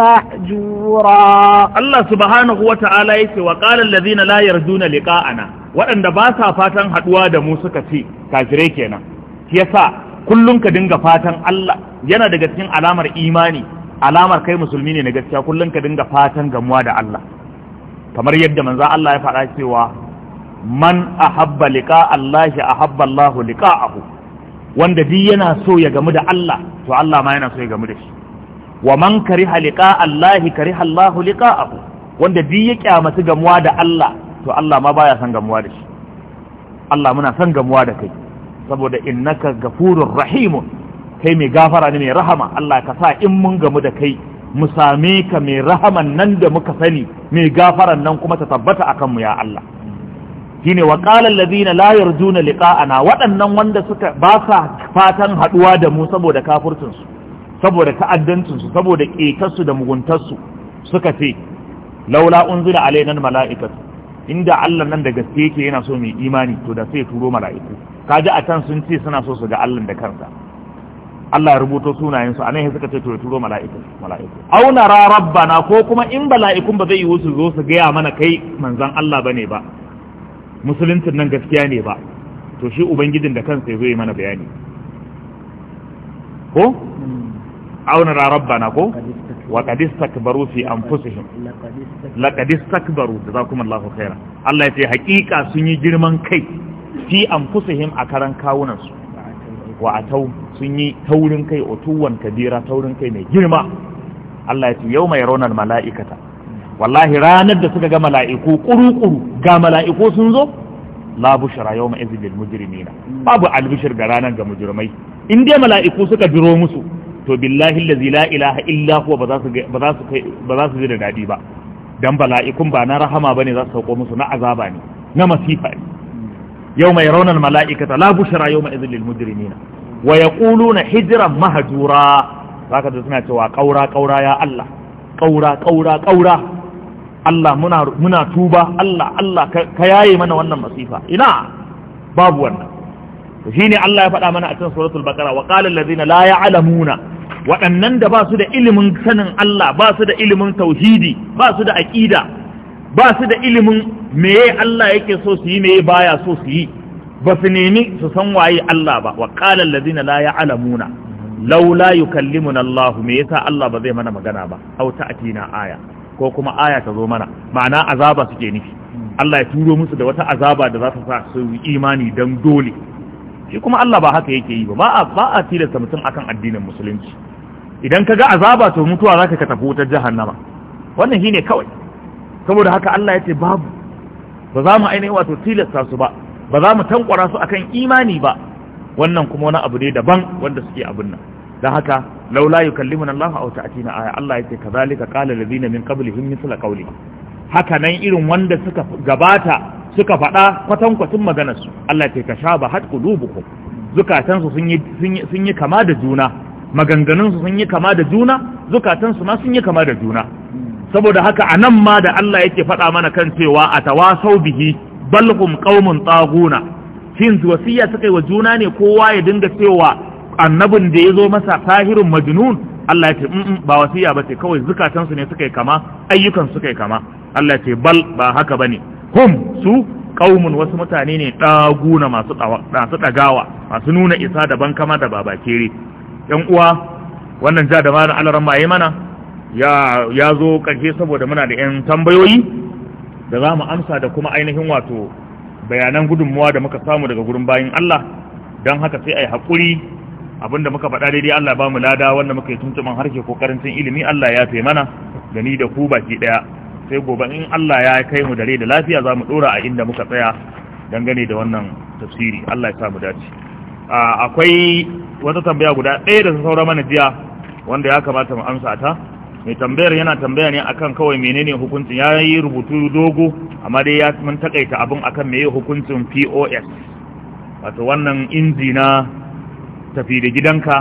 محجورا الله سبحانه وتعالى يسي وقال الذين لا يرجون لقاءنا waɗanda ba sa fatan haɗuwa da mu suka ce kafirai kenan yasa kullum ka dinga fatan Allah yana daga cikin alamar imani alamar kai musulmi ne na gaskiya kullum ka dinga fatan gamuwa da Allah kamar yadda manzo Allah ya faɗa cewa man ahabba liqa Allah ahabba Allah liqa'ahu wanda duk yana so ya gamu da Allah to Allah ma yana so ya gamu da shi wa man kariha liqa Allah kariha Allah liqa'ahu wanda duk ya kyamata gamuwa da Allah to Allah ma baya son gamuwa da shi Allah muna son gamuwa da kai saboda innaka gafurur rahimun kai mai gafara ne mai rahama Allah ka sa in mun gamu da kai mu same ka mai rahaman nan da muka sani mai gafaran nan kuma ta tabbata akan mu ya Allah shine wa qala allazina la yarjuna liqa'ana waɗannan wanda suka ba sa fatan haduwa da mu saboda kafircin su saboda ta'addancin su saboda ƙetarsu da muguntar su suka ce laula unzila alaina mala'ikatu inda Allah nan da gaske yake yana so mu imani to da sai turo mala'iku kaji a can sun ce suna so su ga Allah da kansa Allah ya rubuto sunayensu a nan suka ce to ya turo mala'iku mala'iku au nara rabbana ko kuma in bala'ikun ba zai yi su zo su gaya mana kai manzan Allah bane ba musuluncin nan gaskiya ne ba to shi ubangijin da kansa ya zo yi mana bayani ko au nara rabbana ko wa qad istakbaru fi anfusihim laqad istakbaru jazakumullahu khairan Allah ya ce hakika sun yi girman kai fi an him a karan kawunansu su a sun yi taurin kai otuwan kabira taurin kai mai girma Allah ya ce yau mai raunar mala'ikata wallahi ranar da suka ga mala'iku kuru-kuru ga mala'iku sun zo la bushara yau ma izinin na. babu albishir ga ranar ga mujirmai in dai mala'iku suka biro musu to billahi la illa huwa ba za su ji da daɗi ba dan bala'ikun ba na rahama bane za su sauko musu na azaba ne na masifa ne yawma yarawna al-mala'ikata la bushra yawma idhil lil mujrimin wa yaquluna hijran mahjura zaka da suna cewa kaura kaura ya Allah kaura kaura kaura Allah muna tuba Allah Allah ka yaye mana wannan masifa ina babu wannan shine Allah ya faɗa mana a cikin suratul baqara wa qala allazina la ya'lamuna waɗannan da ba su da ilimin sanin Allah ba su da ilimin tauhidi ba su da aƙida? ba su da ilimin meye Allah yake so su yi meye baya so su yi ba su nemi su san waye Allah ba wa qala allazina la ya'lamuna laula yukallimuna Allah me yasa Allah ba zai mana magana ba aw ta'tina aya ko kuma aya ta zo mana ma'ana azaba suke nufi Allah ya turo musu da wata azaba da za ta sa su imani dan dole shi kuma Allah ba haka yake yi ba ba a ba a tilasta mutum akan addinin musulunci idan ka ga azaba to mutuwa zaka ka tafi wutar jahannama wannan shine kawai saboda haka Allah ya ce babu ba za mu ainihin wato tilasta su ba ba za mu tankwara su akan imani ba wannan kuma wani abu ne daban wanda suke abin nan don haka laula yukallimuna Allah aw ta'tina aya Allah yake kazalika qala allazina min qablihim misla qawli haka nan irin wanda suka gabata suka faɗa kwatankwacin maganar su Allah yake kashaba had qulubukum zukatan su sun yi sun yi kama da juna maganganun su sun yi kama da juna zukatan su ma sun yi kama da juna saboda haka a nan ma da Allah yake faɗa mana kan cewa a tawasau bihi balhum qaumun tsaguna. shin wasiya suka yi wa juna ne kowa ya dinga cewa annabin da ya zo masa tahirin majnun Allah ya ce mm, mm, ba wasiya ba ce kawai zukatansu ne suka yi kama ayyukan suka yi kama Allah ya ce bal ba haka ba ne. hum su ƙaumin wasu mutane ne tsaguna masu ɗagawa, masu nuna isa daban kama da babakere yan uwa wannan ja da malam alaran ma mana ya zo ƙarshe saboda muna da 'yan tambayoyi da za mu amsa da kuma ainihin wato bayanan gudunmuwa da muka samu daga gurin bayan Allah don haka sai a yi haƙuri abinda muka faɗa daidai Allah ba mu lada wanda muka yi tuntuman harshe ko karancin ilimi Allah ya fi mana da ni da ku baki ɗaya sai gobe in Allah ya kai mu dare da lafiya za mu ɗora a inda muka tsaya dangane da wannan tafsiri Allah ya sa dace akwai wata tambaya guda ɗaya da ta saura mana jiya wanda ya kamata mu amsa ta mai tambayar yana tambaya ne akan kawai menene hukuncin ya yi rubutu dogo amma dai ya mun takaita abin akan meye hukuncin POS wato wannan inji na tafi da gidanka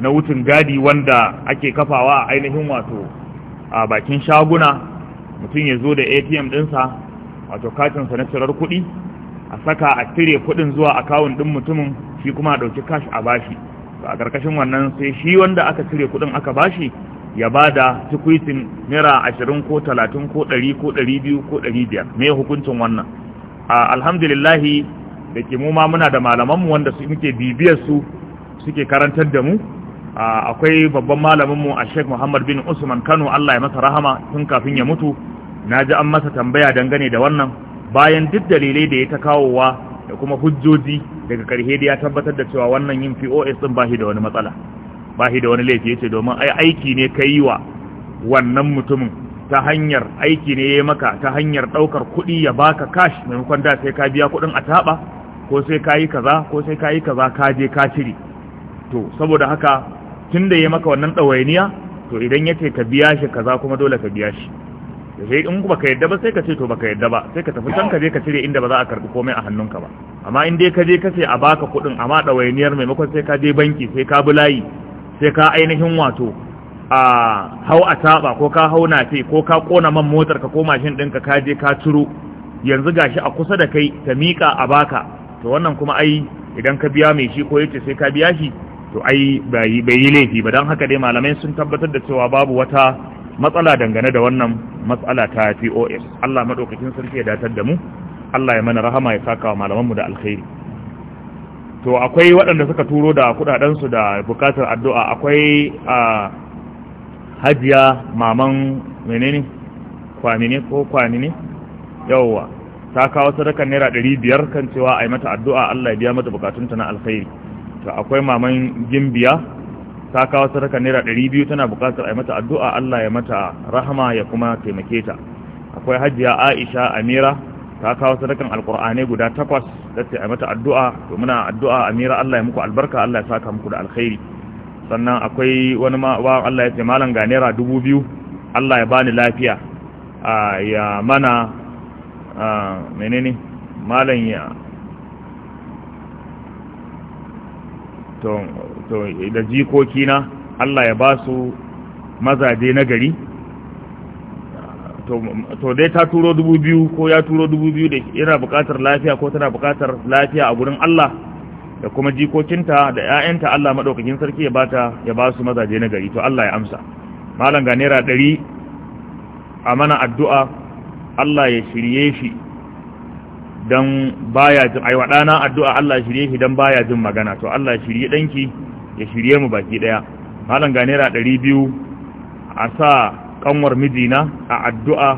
na wucin gadi wanda ake kafawa a ainihin wato a bakin shaguna mutum ya zo da ATM dinsa wato katinsa na cirar kuɗi a saka a cire kuɗin zuwa akawun ɗin mutumin shi kuma a ɗauki cash a bashi a ƙarƙashin wannan sai shi wanda aka cire kuɗin aka bashi ya bada tukwitin naira ashirin ko talatin ko ɗari ko ɗari biyu ko ɗari biyar me hukuncin wannan alhamdulillahi da ke muma muna da malamanmu wanda su muke bibiyar su suke karantar da mu akwai babban malaminmu a sheik muhammad bin usman kano allah ya masa rahama tun kafin ya mutu na ji an masa tambaya dangane da wannan bayan duk dalilai da ya ta kawowa da kuma hujjoji daga karhe da ya tabbatar da cewa wannan yin pos din ba shi da wani matsala ba shi da wani laifi yace domin ai aiki ne ka yi wa wannan mutumin ta hanyar aiki ne ya maka ta hanyar ɗaukar kuɗi ya baka cash maimakon da sai ka biya kuɗin a taɓa ko sai ka yi kaza ko sai ka yi kaza ka je ka cire to saboda haka tun da ya maka wannan ɗawainiya to idan ya ce ka biya shi kaza kuma dole ka biya shi da sai in baka yadda ba sai ka ce to baka yadda ba sai ka tafi can ka je ka cire inda ba za a karɓi komai a hannunka ba amma in dai ka je ka ce a baka kuɗin amma ɗawainiyar maimakon sai ka je banki sai ka bi layi sai ka ainihin wato a hau a taba ko ka hau nafe ko ka kona man motar ka ko mashin ɗinka ka je ka turo yanzu gashi a kusa da kai ta miƙa a baka to wannan kuma ai idan ka biya mai shi ko yace sai ka biya shi to ai bai yi laifi ba don haka dai malamai sun tabbatar da cewa babu wata matsala dangane da wannan matsala ta POS Allah madaukakin sarki ya datar da mu Allah ya mana rahama ya saka wa malamanmu da alkhairi to akwai waɗanda suka turo da kudadensu da bukatar addu'a akwai a hajiya maman menene kwamine ko kwamine yawwa ta kawo sadaka naira ɗari biyar kan cewa a yi mata addu'a Allah ya biya mata bukatunta na alkhairi to akwai maman gimbiya ta kawo sadaka naira ɗari biyu tana bukatar a yi mata addu'a Allah ya mata rahama ya kuma taimake ta akwai hajiya Aisha Amira ta kawo sadakan alkur'ani guda takwas da ta mata addu'a to muna addu'a amira Allah ya muku albarka Allah ya saka muku da alkhairi sannan akwai wani ma Allah ya ce malam ga naira dubu biyu Allah ya bani lafiya ya mana menene malam ya to da jikokina Allah ya basu su mazaje na gari to dai ta turo dubu biyu ko ya turo dubu biyu da yana buƙatar lafiya ko tana buƙatar lafiya a gurin Allah da kuma jikokinta da 'ya'yanta Allah maɗaukakin sarki ya bata ya ba su mazaje na gari to Allah ya amsa malam ga naira ɗari a mana addu'a Allah ya shirye shi don baya jin aiwa ɗana addu'a Allah ya shirye shi don baya jin magana to Allah ya shirye ɗanki ya shirye mu baki ɗaya malam ga naira ɗari biyu a sa kanwar mijina a addu'a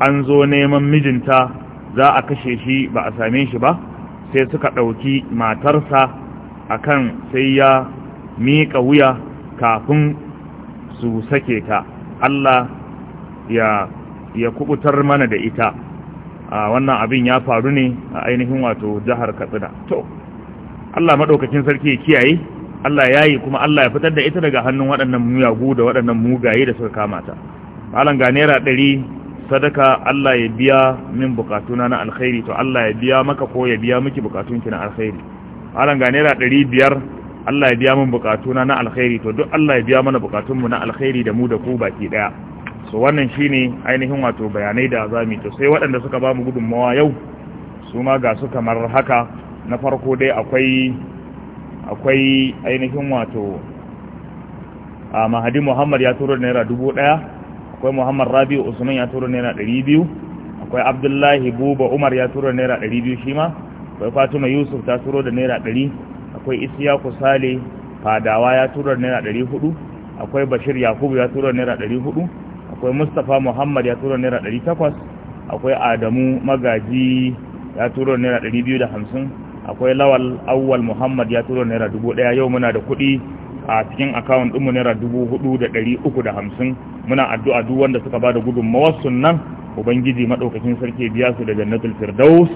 an zo neman mijinta za a kashe shi ba a same shi ba sai suka ɗauki matarsa a kan sai ya miƙa wuya kafin su sake ta Allah ya ya kubutar mana da ita a wannan abin ya faru ne a ainihin wato jihar Katsina to Allah madaukakin sarki ya kiyaye Allah ya yi kuma Allah ya fitar da ita daga hannun waɗannan muyagu da waɗannan mugaye da suka kama ta malam ga naira ɗari sadaka Allah ya biya min bukatuna na alkhairi to Allah ya biya maka ko ya biya miki bukatunki na alkhairi malam ga naira ɗari biyar Allah ya biya min bukatuna na alkhairi to duk Allah ya biya mana bukatunmu na alkhairi da mu da ku baki ɗaya so wannan shine ainihin wato bayanai da za to sai waɗanda suka ba mu gudunmawa yau su ma ga su kamar haka na farko dai akwai akwai ainihin wato a mahadi muhammad ya turo naira dubu daya akwai muhammad rabi'u usman ya turo naira dari biyu akwai abdullahi buba umar ya turo naira dari biyu shi ma akwai fatima yusuf ta turo da naira dari akwai isiyaku kusale fadawa ya turo da naira dari hudu akwai bashir yakubu ya turo naira dari hudu akwai mustapha muhammad ya turo naira dari takwas akwai adamu magaji ya turo naira dari biyu da hamsin akwai lawal awwal muhammad ya turo naira dubu daya yau muna da kudi a cikin akawun ɗinmu naira dubu hudu da ɗari uku da hamsin muna addu'a duk wanda suka ba da gudunmawarsun nan ubangiji maɗaukakin sarki biya su da jannatul firdaus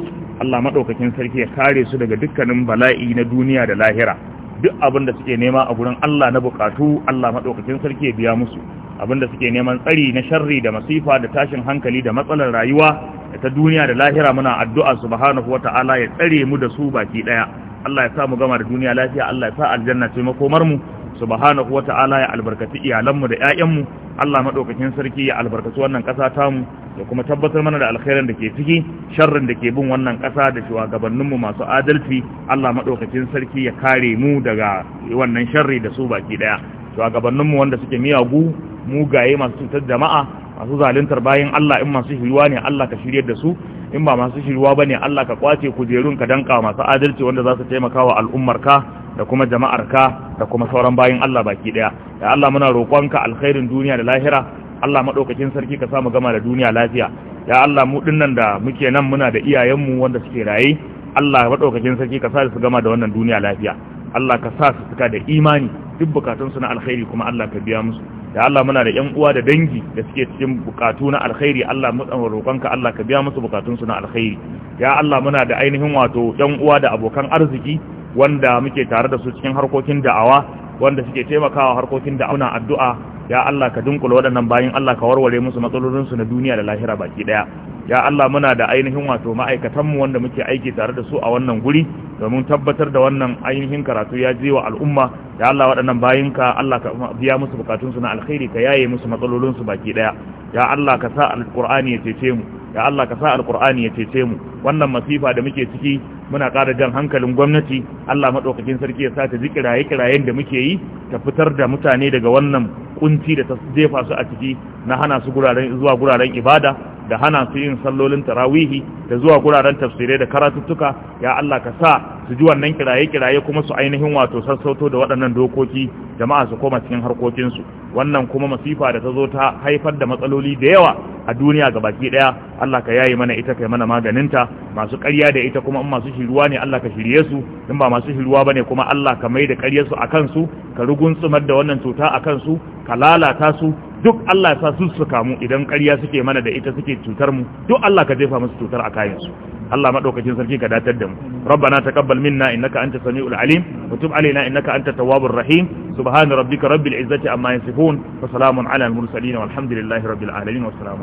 allah maɗaukakin sarki ya kare su daga dukkanin bala'i na duniya da lahira duk abin da suke nema a gurin allah na bukatu allah maɗaukakin sarki ya biya musu abinda suke neman tsari na sharri da masifa da tashin hankali da matsalar rayuwa da ta duniya da lahira muna addu'a subhanahu wata'ala ya tsare mu da su baki daya Allah ya sa mu gama da duniya lafiya Allah ya sa aljanna ce makomar mu subhanahu wata'ala ya albarkaci iyalanmu da mu Allah madaukakin sarki ya albarkaci wannan ƙasa tamu da kuma tabbatar mana da alkhairin da ke ciki sharrin da ke bin wannan ƙasa da mu masu adalci Allah madaukakin sarki ya kare mu daga wannan sharri da su baki daya mu wanda suke miyagu mugaye masu cutar jama'a masu zaluntar bayan Allah in masu shiriwa ne Allah ka shiryar da su in ba masu shiriwa ne Allah ka kwace kujerun ka danka masu adalci wanda za su taimaka wa al'ummarka da kuma jama'arka da kuma sauran bayan Allah baki daya ya Allah muna roƙonka alkhairin duniya da lahira Allah madaukakin sarki ka samu gama da duniya lafiya ya Allah mu dinnan da muke nan muna da iyayenmu wanda suke raye Allah madaukakin sarki ka sa su gama da wannan duniya lafiya Allah ka sa su suka da imani duk bukatunsu na alkhairi kuma Allah ka biya musu da Allah muna da ƴan uwa da dangi da suke cikin bukatu na alkhairi Allah mu roƙonka Allah ka biya musu bukatunsu na alkhairi ya Allah muna da ainihin wato ƴan uwa da abokan arziki wanda muke tare da su cikin harkokin da'awa wanda suke taimakawa harkokin auna addu'a ya Allah ka dinkula waɗannan bayin Allah ka warware musu matsalolinsu na duniya da lahira baki ɗaya ya Allah muna da ainihin wato ma'aikatanmu wanda muke aiki tare da su a wannan guri domin tabbatar da wannan ainihin karatu ya ji wa al'umma ya Allah waɗannan bayinka Allah ka biya musu bukatunsu na alkhairi ka yaye musu matsalolinsu baki ɗaya ya Allah ka sa ya cece mu ya Allah ka sa alƙur'ani ya cece mu wannan masifa da muke ciki muna ƙara jan hankalin gwamnati Allah madaukakin sarki ya sa ta ji kiraye-kirayen da muke yi ta fitar da mutane daga wannan kunci da ta jefa su a ciki na hana su guraren zuwa guraren ibada da hana su yin sallolin tarawihi da zuwa guraren tafsirai da karatuttuka ya Allah ka sa su ji wannan kiraye-kiraye kuma su ainihin wato sassauto da waɗannan dokoki jama'a su koma cikin harkokinsu wannan kuma masifa da ta zo ta haifar da matsaloli da yawa a duniya ga baki ɗaya Allah ka yayi mana ita kai mana maganinta masu ƙarya da ita kuma in masu shiruwa ne Allah ka shirye su in ba masu shiruwa ne, kuma Allah ka mai da ƙaryarsu a kansu ka rugun tsumar da wannan cuta a kansu ka lalata su duk Allah sa su su kamu idan ƙarya suke mana da ita suke cutar mu duk Allah ka jefa musu cutar a kayan su Allah madaukakin sarki ka datar da mu rabbana taqabbal minna innaka anta samiul alim wa tub alaina innaka anta tawwabur rahim subhana rabbika rabbil izzati amma yasifun wa salamun ala mursalin walhamdulillahi rabbil alamin wa